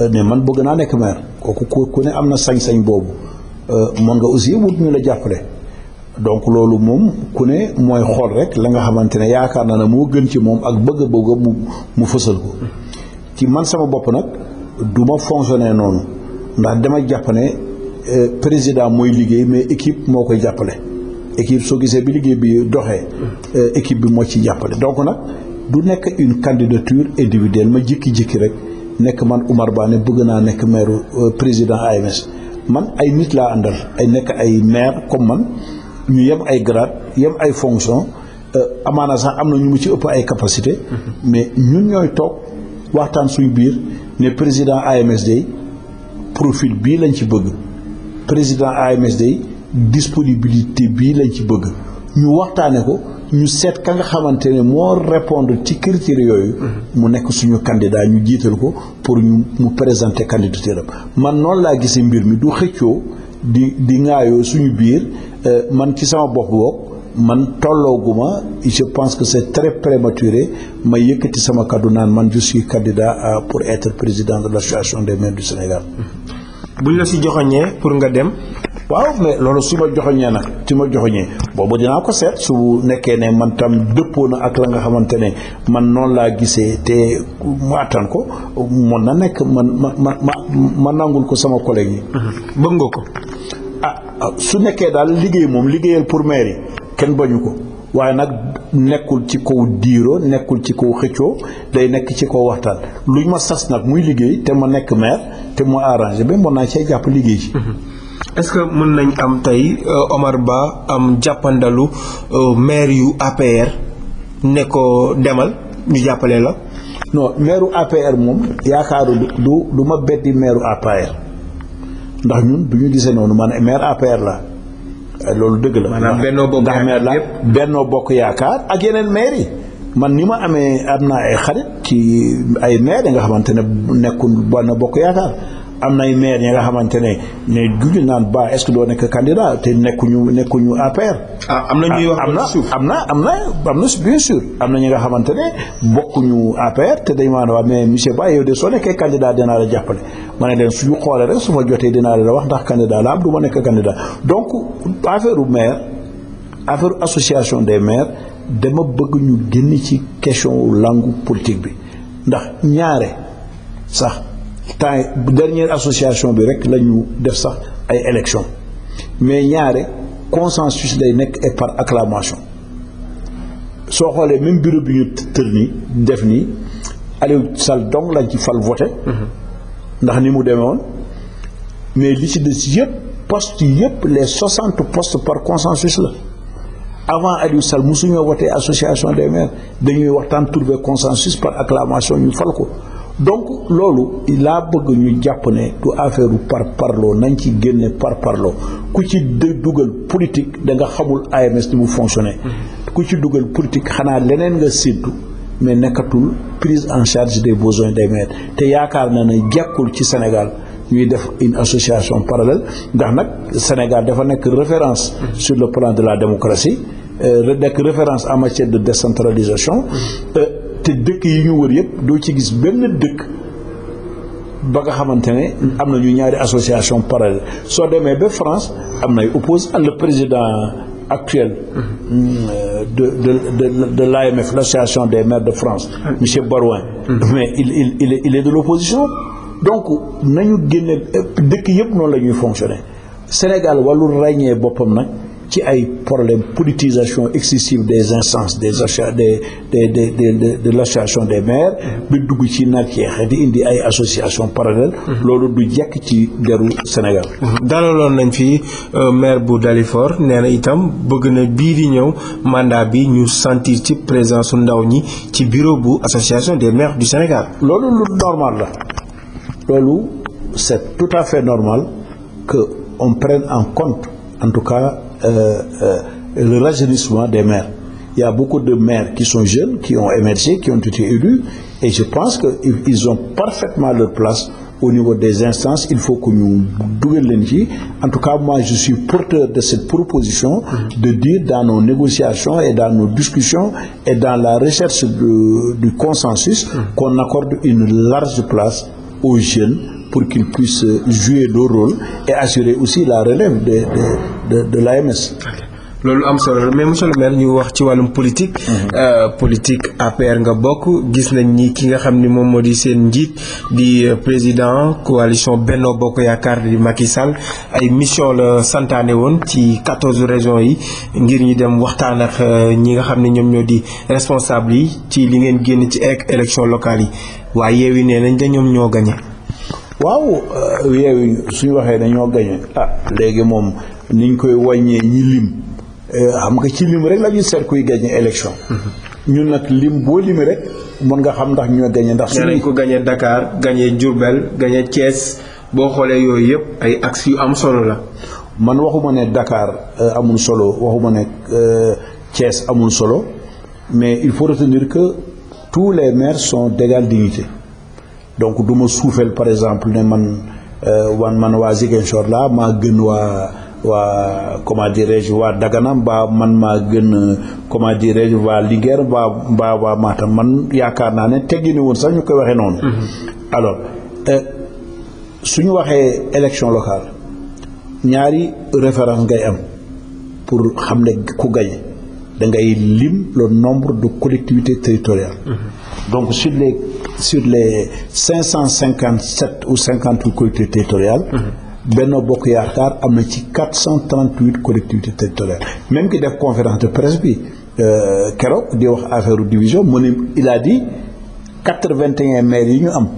eh, ne man bëgg naa nekk maire kooku ku ku ne am na sañ-sañ boobu eh, moom nga aussi wut ñu la jàppale donc loolu moom ku ne mooy xool rek la nga xamante ne yaakaar na ne moo gën ci moom ak bëgg bëgg mu mu fësal ko ci man sama bopp nag du ma fonctionner noonu ndax dama jàpp ne président mooy liggéey mais équipe moo koy jàppale équipe soo gisee bi liggéey bi doxee équipe bi moo ci jàppale donc nag du nekk une candidature individuelle ma jikki-jikki rek nekk man Oumar Ba ne bëgg naa nekk maire euh, président AMS man ay nit laa àndal ay nekk ay maire comme man ñu yem ay grade yem ay fonction euh, amaana sax am na ñu mu ci ëpp ay capacité mm-hmm. mais ñun ñooy toog waxtaan suñ biir ne président AMS day profil bii lañ ci bëgg président AMS day disponibilité bii lañ ci bëgg ñu waxtaane ko ñu seet ka nga xamante ne moo répondre ci critères yooyu mm-hmm. mu nekk suñu candidat ñu jiital ko pour ñu mu présenter candidature am man noonu laa gisee mbir mi du xëccoo di di ŋaayoo suñu biir euh, man ci sama bopp boog man tollooguma je pense que c'est très prématuré ma yëkkati sama kaddu naan man je suis candidat pour être président de l'association des maires du Sénégal mm-hmm. bu la si joxoñee pour nga dem waaw mais loolu su ma joxoñee nag su ma joxoñee boobu dinaa ko seet su nekkee ne man tam dëppoo na ak la nga xamante ne man noonu laa gisee te mu attan ko mën na nekk man ma ma ma ma nangul ko sama collègue yi mm-hmm. bëgg nga ko ah, ah su nekkee daal liggéey moom liggéeyal pour maire yi kenn bañu ko waaye nag nekkul ci kaw diiroo nekkul ci kaw xëccoo day nekk ci kaw waxtaan luñ ma sas nag muy liggéey te ma nekk maire te mu arrangé ba mën naa cee jàpp liggéey ci mm-hmm. est-ce que mën nañ am tey euh, Omar Ba am jàppandalu euh, maire yu APR ne demal ñu jàppale la. non maire APR moom yaakaaru du du ma beddi maire APR ndax ñun du ñu gisee noonu man mair APR la euh, loolu dëgg la. maanaam bennoo bokk yaakaar ndax maire yaakaar ak yeneen maire man ni ma amee am naa ay xarit ci ay maire yi nga xamante ne nekkul benn bokk yaakaar. am nay maire ñi nga xamante ne mais duñu naan ba est-ce que doo nekk candidat te nekkuñu nekkuñu APR. ah am na ñuy wax ah, am na am na am na bien sûr am na ñi nga xamante ne bokkuñu APR te dañu maa ne waa mais monsieur Ba yow de soo nekkee candidat dinaa la jàppale ma ne leen suñu xoolee rek su ma jotee dinaa la wax ndax candidat la am du ma nekk candidat donc affaire u maire affaire association des maire dama bëgg ñu génn ci question langue politique bi ndax ñaare temps dernière association bi rek lañu def sax ay élection mais ñaare consensus lay nekk et par acclamation soo xoolee même bureau bi ñu tër nii def nii Aliou Sall dong lañ ci fal voté mm-hmm. ndax ni mu demoon mais li ci des yëpp post yëpp les soixante postes par consensus la avant Aliou Sall musuñoo voté association des maires dañuy waxtaan trouver consensus par acclamation ñu fal ko donc loolu laa bëgg ñu jàpp ne du affaire par parloo nañ ci génne par parloo ku ci dugal politique da nga xamul AMS ni mu fonctionné. Mm-hmm. ku ci dugal politique xanaa leneen nga séddu mais nekkatul prise en charge des besoins des maires te yaakaar na ne jekkul ci Sénégal. ñuy def une association parallèle ndax nag Sénégal dafa nekk référence mm-hmm. sur le plan de la démocratie euh, nekk référence en matière de décentralisation mm-hmm. euh, te dëkk yi ñu wër yëpp doo ci gis benn dëkk ba nga xamante ne am na ñu ñaari association parallèle soo demee ba France am nay oppose le président actuel mm, de de de de l'AMF l'association des maires de France mm. monsieur Barouin mm. mais il il il est, il de l'opposition donc nañu génne dëkk yëpp noonu la ñuy fonctionner Sénégal wàllu ràññee boppam nag ci ay problème politisation excessive des instances des achats des des des de de l'association des maires bi dugg ci naaj yeex indi ay association parallèle mhm. loolu du jekk ci deru Sénégal mhm. dalaloon nañ fi euh, maire bu Dalifort nee na itam bëgg na bii di ñëw mandat bi ñu sentir ci présence su ndaw ñi ci bureau bu association des maires du Sénégal loolu lu normal la loolu c'est tout à fait normal que on prenne en compte en tout cas euh, euh, le rajeunissement des maires. Il y a beaucoup de maires qui sont jeunes, qui ont émergé, qui ont été élus, et je pense qu'ils ont parfaitement leur place au niveau des instances. Il faut que ñu dugal leen ci en tout cas moi je suis porteur de cette proposition de dire dans nos négociations et dans nos discussions et dans la recherche de, du consensus qu'on accorde une large place aux jeunes pour qu'ils puissent jouer leur rôle et assurer aussi la relève des de, de de loolu am solo la mais monsieur le ñu wax ci wàllum politique. Mhm. Euh, politique APR nga bokk gis nañ ni ki nga xam ni moom moo di seen njiit di euh, président coalition Benno Bokk Yaakaar di Macky Sall ay mission la santaane woon ci quatorze régions yi ngir ñu dem waxtaan ak euh, ñi nga xam ne ñoom ñoo di responsable yi ci li ngeen génn ci élection locale yi waaye Yewwi nee nañ da ñoom ñoo gañe waaw Yewwi suñu waxee dañoo gañe ah léegi moom. ni koy wàññee ñi lim eh, xam nga ci lim rek la ñuy seet kuy gagné élection. Mm-hmm. ñun nag lim boo limi rek mën nga xam ndax ñoo gagné ndax. suñu ko gagné Dakar gagné Diourbel gagné Thiès boo xoolee yooyu yëpp ay axes yu am solo la. man waxuma ne dakaar eh, amul solo waxuma ne eh, Thiès amul solo mais il faut retenir que tous les maires sont d'égale dignité donc du ma suufeel par exemple ne man wan man waa Ziguinchor la maa gën waa. waa comment dirais-je waa Dagana mbaa man maa gën a comment dirais-je waa Linguère mbaa mbaa waa Matam man yaakaar naa ne tegginu woon sax ñu koy waxee noonu. Mm-hmm. alors euh, suñu waxee élection locale ñaari référence ngay am pour xam ne ku gañe da ngay lim le nombre du collectivités territoriales. Mm-hmm. donc sur les sur les cinq cent cinquante sept ou cinquante huit collectivités territoriales. Mm-hmm. Benno Bokk Yaakaar am na ci 438 collectivités territoriales même ki def conférence de presse bi euh, keroog di wax affaire division mu ne il a dit 81 maires yi ñu am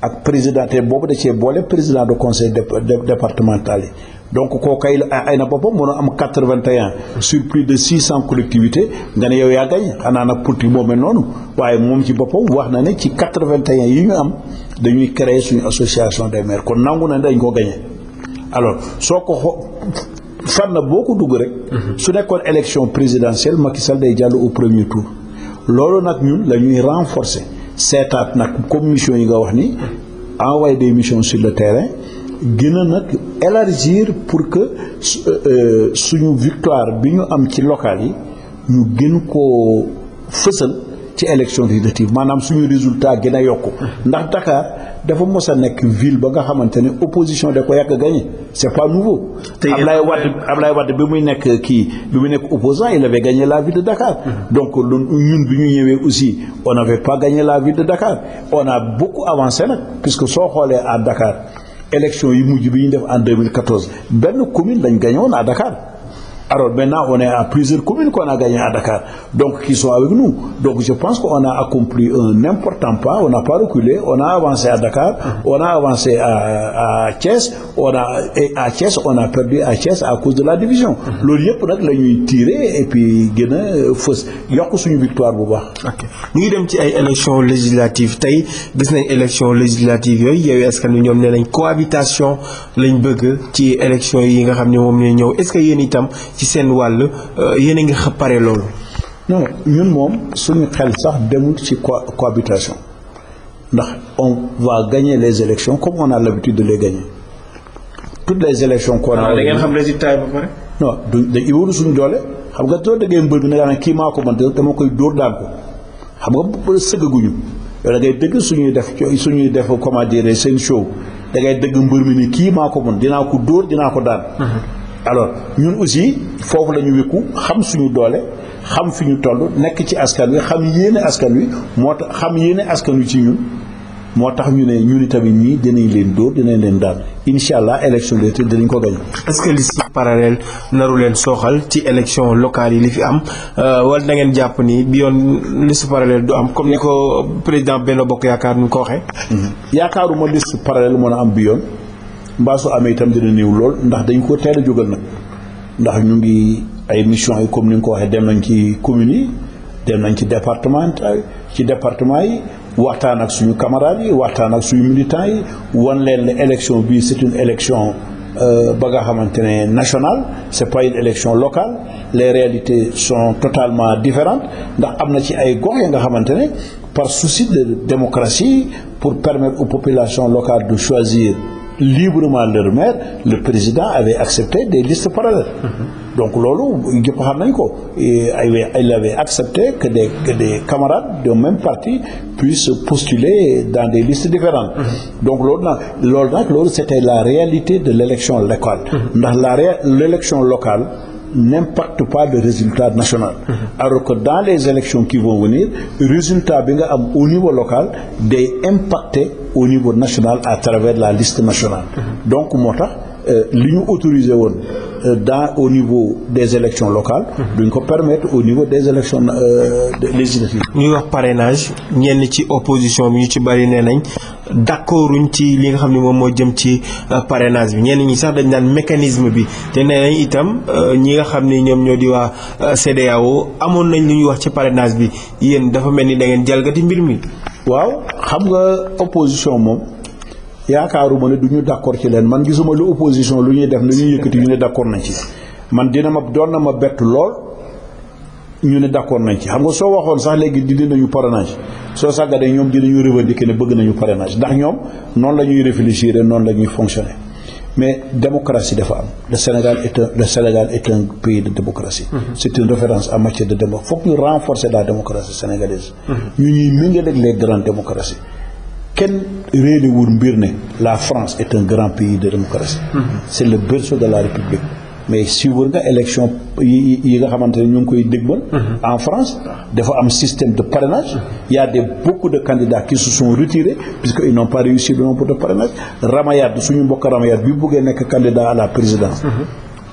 ak président te boobu da cee boole président de conseil départemental yi donc kookay ay na boppam mën a am 81 sur plus de 600 collectivités nga ne yow yaa gañ xanaa nag politique boo mel noonu waaye moom ci boppam wax na ne ci vingt 81 yi ñu am dañuy créer suñu association des maire kon nangu na dañ ko gañe alors soo ko fan fànn boo ko dugg rek. Mhm. su nekkoon élection présidentielle Macky Sall day jàll au premier tour loolu nag ñun la ñuy renforcer seetaat nag comme mission yi nga wax ni mhm. envoyé des missions sur le terrain. gën a nag élargir pour que euh, euh, suñu victoire bi ñu am ci local yi ñu gën ko fësal ci élection législative maanaam suñu résultat gën a yokku ndax Dakar dafa mos a nekk ville ba nga xamante ne opposition de ko yàgg a gagné c'est pas nouveau Ablaye Wade Ablaye Wade bi muy nekk kii bi muy nekk opposant il avait gagné la ville de Dakar donc loolu ñun bi ñu ñëwee aussi on n'avait pas gagné la ville de Dakar on a beaucoup avancé nag puisque soo xoolee à Dakar élection yu mujj bi ñu def en 2014 benn commune lañ gañoon à Dakar Alors maintenant, on est à plusieurs communes qu'on a gagnées à Dakar, donc qui sont avec nous. Donc je pense qu'on a accompli un important pas, on n'a pas reculé, on a avancé à Dakar, on a avancé à, à Thiès, on a, et à Thiès, on a perdu à Thiès à cause de la division. loolu yëpp nag la ñuy tiré et puis gën a fës yokk suñu victoire bu baax. ok ñu ngi dem ci ay élections législatives tey gis nañ élection législatives yooyu Yewwi Askan Wi ñoom nee cohabitation lañ bëgg ci élections yi nga xam ne moom ñooy ñëw est-ce que yéen itam. ci seen wàll euh, yéen a ngi pare loolu. non ñun moom suñu xel sax demul ci co cohabitation ndax on va gagner les élections comme on a l'habitude de les gagner toutes les élections. qu'on a da ngeen xam résultat yi ba pare. non du dañuy wóoru suñu doole xam nga soo déggee mbër bi nga ne kii maa ko mën dama koy dóor daan ko xam nga sëggaguñu da ngay dëgg suñuy def suñuy def comment dire seen show da dëgg mbër mi ni kii maa ko mën dinaa ko dóor dinaa ko daan. alors ñun aussi foofu la ñu wékku xam suñu doole xam fi ñu toll nekk ci askan wi xam yéene askan wi moo tax xam yéene askan wi ci ñun moo tax ñu ne ñun itamit ñii dinañ leen dóor dinañ leen daan incha allah élection législative dinañ ko gañ. est-ce que liste parallèle naru leen sooxal ci élection locale yi li fi am euh, wala da ngeen jàpp nii bi yoon liste parallèle du am comme ni ko président Benno Bokk Yaakaar ñu ko waxee. Mhm. yaakaaruma liste parallèle mën a am bi yoon. mbaa su amee itam dina néew lool ndax dañ ko teel a jógal nag ndax ñu ngi ay mission yi comme ni nga ko waxee dem nañ ci commune yi dem nañ ci département ci département yi waxtaan ak suñu camarades yi waxtaan ak suñu militants yi wan leen ne élection bii c'est une élection euh, ba nga xamante ne nationale c'est pas une élection locale les réalités sont totalement différentes ndax am na ci ay gox ya nga xamante ne par souci de démocratie pour permettre aux populations locales de choisir librement leur maire le président avait accepté des listes parallèles mhm. donc loolu ñëpp xam nañ ko ay il avait accepté que des que des camarades d'un même parti puissent postuler dans des listes différentes mhm. donc loolu nag loolu nag loolu c'était la réalité de l'élection locale mhm. ndax la l'élection locale n'impacte pas le résultat national mm-hmm. alors que dans les élections qui vont venir résultat bi nga am au niveau local day impacter au niveau national à travers la liste nationale mm-hmm. donc moo tax euh, li ñu autorisé woon Euh, dans au niveau des élections locales. Mhm. duñ ko permettre au niveau des élections euh, législatives. ñuy wax parrainage ñenn ci opposition bi ñu ci bari nee nañ d'accorduñ ci li nga xam ne moom moo jëm ci euh, parrainage bi ñenn ñi sax dañ naan mécanisme bi te nee nañ itam ñi nga xam ni ñoom ñoo di waa CEDEAO amoon nañ lu ñuy wax ci parrainage bi yéen dafa mel ni da ngeen jalgati mbir mi. waaw xam nga opposition moom. yaakaaruma ne du ñu d'accord ci leen man gisuma lu opposition lu ñuy def ne ñu yëkkati ñu ne d'accord nañ ci man dina ma doon na ma bett lool ñu ne d'accord nañ ci xam nga soo waxoon sax léegi di dindi nañu parrainage soo sàggadee ñoom dinañu revendiquer ne bëgg nañu parrainage ndax ñoom noonu la ñuy réfléchir noonu la ñuy fonctionner mais démocratie dafa am le Sénégal est un le Sénégal est un de démocratie. Mm-hmm. c'est une référence en matière de démocratie foog ñu renforcer la démocratie sénégalaise. Mm-hmm. ñu ñuy kenn réerewul mbir ne la France est un grand pays de démocratie mm-hmm. c'est le berceau de la République mais suivre nga élection yi nga xamante ne ñu ngi koy dégmal mm-hmm. en France dafa am système de parrainage mm-hmm. il a des beaucoup de candidats qui se sont retirés puisque ils n'ont pas réussi le nombre de parrainage Ramayad mbokk Ramayad bi buggee nekk candidat à la présidence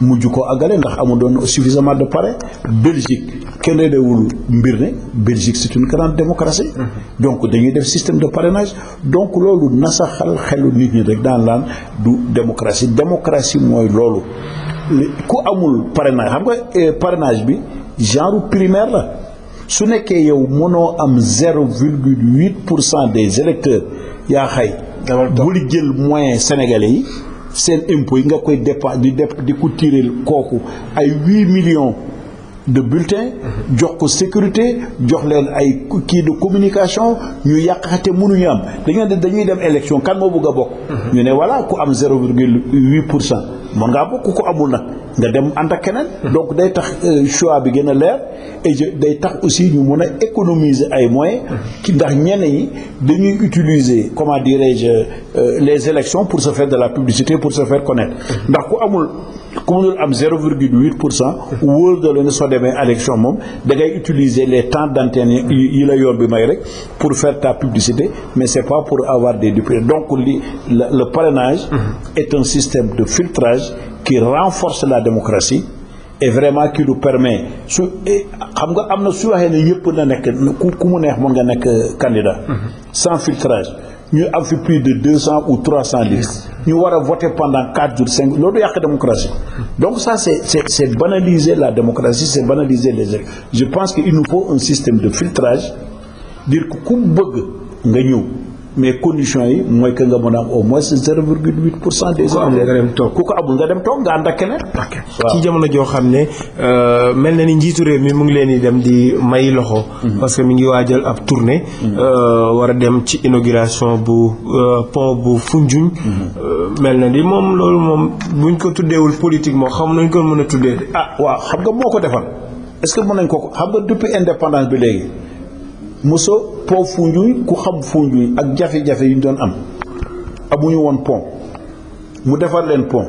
mujj ko àggale ndax amul doon suffisamment de pare Belgique kenn wul mbir ne Belgique c'est une grande démocratie mhm. donc dañuy def système de parrainage donc loolu nasaxal xelu nit ñi rek daan laan du démocratie démocratie mooy loolu ku amul parrainage xam nga eh, parrainage bi genre primaire la su nekkee yow mënoo am zéro virgule huit pour cent des électeurs yaa xay buli jël moyen sénégalais yi seen impôt yi nga koy dépense di dep di ko tirer kooku ay huit millions de bulletins jox ko sécurité jox leen ay kii de communication ñu yàq yàqate mënuñu am dañu dañuy dem élection kan moo bëgg a bokk mhm. ñu ne voilà ku am zéro virgule huit pour cent mën ngaa bokk ko amul na nga dem ànd ak keneen. donc day tax euh, choix bi gën a leer et day tax aussi ñu mun a économiser ay moyens. ki ndax ñenn ñi dañuy utiliser comment dirais-je euh, les élections pour se faire de la publicité pour se faire connaître ndax ku amul. ku mënul am 0,8 pour cent wóor da la ne soo demee élection moom da ngay utiliser les temps d'antenne yi la yoon bi may rek pour faire ta publicité mais c'est pas pour avoir des députés donc li le parrainage mhm. est un système de filtrage qui renforce la démocratie et vraiment qui nous permet su xam nga am na su waxee ne yëpp na nekk ku mu neex mën nga nekk candidat mhm. sans filtrage ñu am fi plus de deux cent ou trois cent listes ñu war a voter pendant quatre jours cinq loolu yàq démocratie donc ça c'est c'est c'est banaliser la démocratie c'est banaliser les élections je pense qu'il nous faut un système de filtrage dire que ku bëgg nga ñëw mais condition yi mooy que nga mën a am au moins 0,8 pour cent des engrais nga dem toog ku ko amul nga dem toog nga ànd ak keneen. ci jamono joo xam ne euh, mel na ni njiitu réew mi mu ngi leen di dem di may loxo. Mhm. parce que mi ngi waajal ab tournée. Mhm. Euh, war a dem ci inauguration bu euh, pont bu Foundiougne. Mhm. mel na ni moom loolu moom buñ ko tuddeewul politique moom xam nañ ko mën a tuddee. ah waaw xam nga moo ko defal est-ce que mën nañ ko ko xam nga depuis indépendance bi léegi. Moussa pont Foundiougne ku xam Foundiougne ak jafe-jafe yu ñu doon am amuñu woon pont mu defar leen pont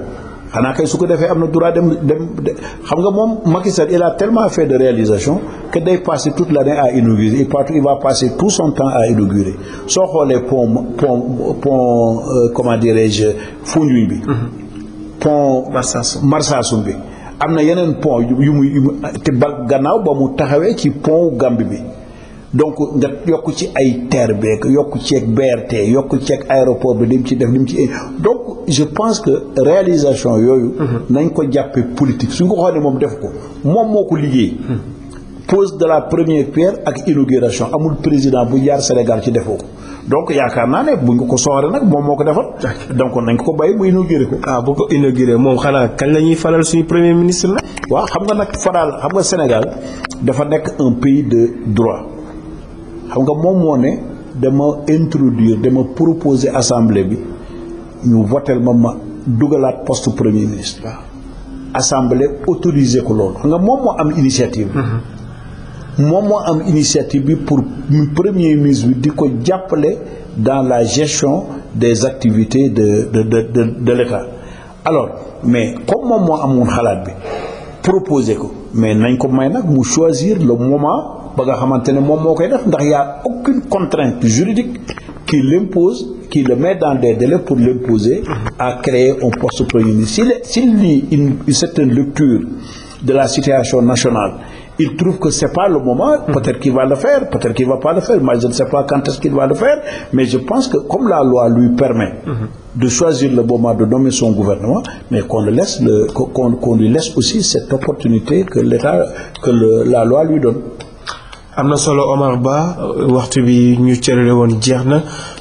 xanaa kay su ko defee am na droit dem dem de xam nga moom Macky Sall il a tellement fait de réalisation que day passer toute l'année à inaugurer il part il va tout son temps à inaugurer soo xoolee pont pont pont euh, comment dirais-je Foundiougne bi. Mhm. pont Marsassoum bi. am na yeneen pont yu muy te ba gannaaw ba mu taxawee ci pont Gambie bi. donc nga yokk ci ay terre beeg yokk ceeg BRT yokk ceeg aéroport bi lim ci def lim ci donc je pense que réalisation yooyu mhm. nañ ko jàppee politique suñ ko ne moom def ko moom moo ko liggéey mhm. pose de la première pierre ak inauguration amul président bu jaar Sénégal ci defoo ko donc yaakaar naa ne bu buñ ko soxoree nag moom moo ko defal donc nañ ko bàyyi mu inauguré ko. ah bu ko inauguré moom xanaa kañ la ñuy faral suñu premier ministre la. waaw xam nga nag faral xam nga Sénégal dafa nekk un pays de droit. xam nga moom moo ne dama introduire dama proposer assemblée bi ñu votel ma ma dugalaat poste premier ministre. assemblée autorisé ko loolu xam nga moom moo am initiative bi. Mm-hmm. moom moo am initiative bi pour premier ministre bi di ko jàppale dans la gestion des activités de de de de de l'État alors mais comme moom moo amoon xalaat bi. proposé ko mais nañ ko may nag mu choisir le moment ba nga xamante ne moom moo koy ndax y a aucune contrainte juridique qui l'impose qui le met dans des délais pour l'imposer à créer un poste premier ministre s'il s'il lit une, une certaine lecture de la situation nationale il trouve que c'est pas le moment peut-être qu'il va le faire peut-être qu'il va pas le faire moi je ne sais pas quand est-ce qu'il va le faire mais je pense que comme la loi lui permet de choisir le moment de nommer son gouvernement mais qu'on le laisse le qu'on qu'on lui laisse aussi cette opportunité que l'État que le, la loi lui donne am na solo Omar Ba waxtu bi ñu cërale woon jeex na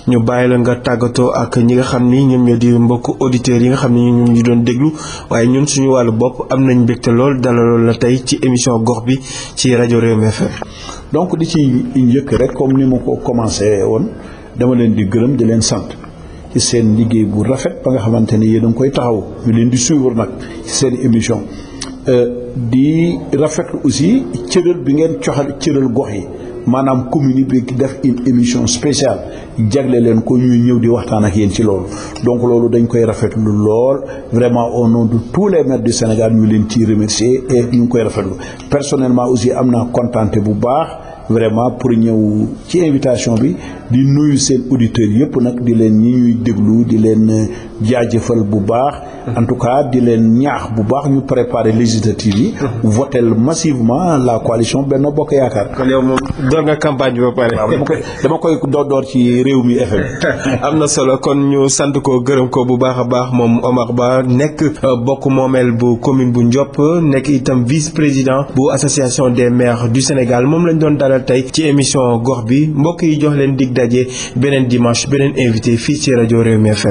ñu bàyyi la nga tàggatoo ak ñi nga xam ni ñoom ñoo di mbokk auditeurs yi nga xam ni ñoom ñu doon déglu waaye ñun suñu wàllu bopp am nañ mbégte lool dalaloon la tey ci émission gox bi ci rajo Rewmi FM. donc di ci njëkk rek comme ni ma ko commencé woon dama leen di gërëm di leen sant ci seen liggéey bu rafet ba nga xamante ni yéen a koy taxaw ñu leen di suivre nag ci seen émission. Euh, di rafetlu aussi cëral bi ngeen coxal cëral gox yi maanaam commune bi def une émission spéciale jagle leen ko ñuy ñëw di waxtaan ak yéen ci loolu donc loolu dañ koy rafetlu lool vraiment au nom de tous les maires du Sénégal ñu leen ci remercier et ñu ngi koy rafetlu personnellement aussi am naa contenté bu baax. vraiment pour ñëw ci invitation bi di nuyu seen auditeurs yëpp nag di leen ñi ñuy déglu di leen jaajëfal bu baax en tout cas di leen ñaax bu baax ñu préparer législative yi votel massivement la coalition Benno Bokk Yaakaar kon yow moom door nga campagne bi ba pare dama koy door door ci réew mi FM am na solo kon ñu sant ko gërëm ko bu baax a baax moom Omar Ba nekk euh, bokk moomeel bu commune bu Ndiop nekk itam vice président bu association des maires du Sénégal moom lañ doon dalal tey ci émission gox bi mbokk yi jox leen dig daje beneen dimanche beneen invité fii ci rajo Rewmi FM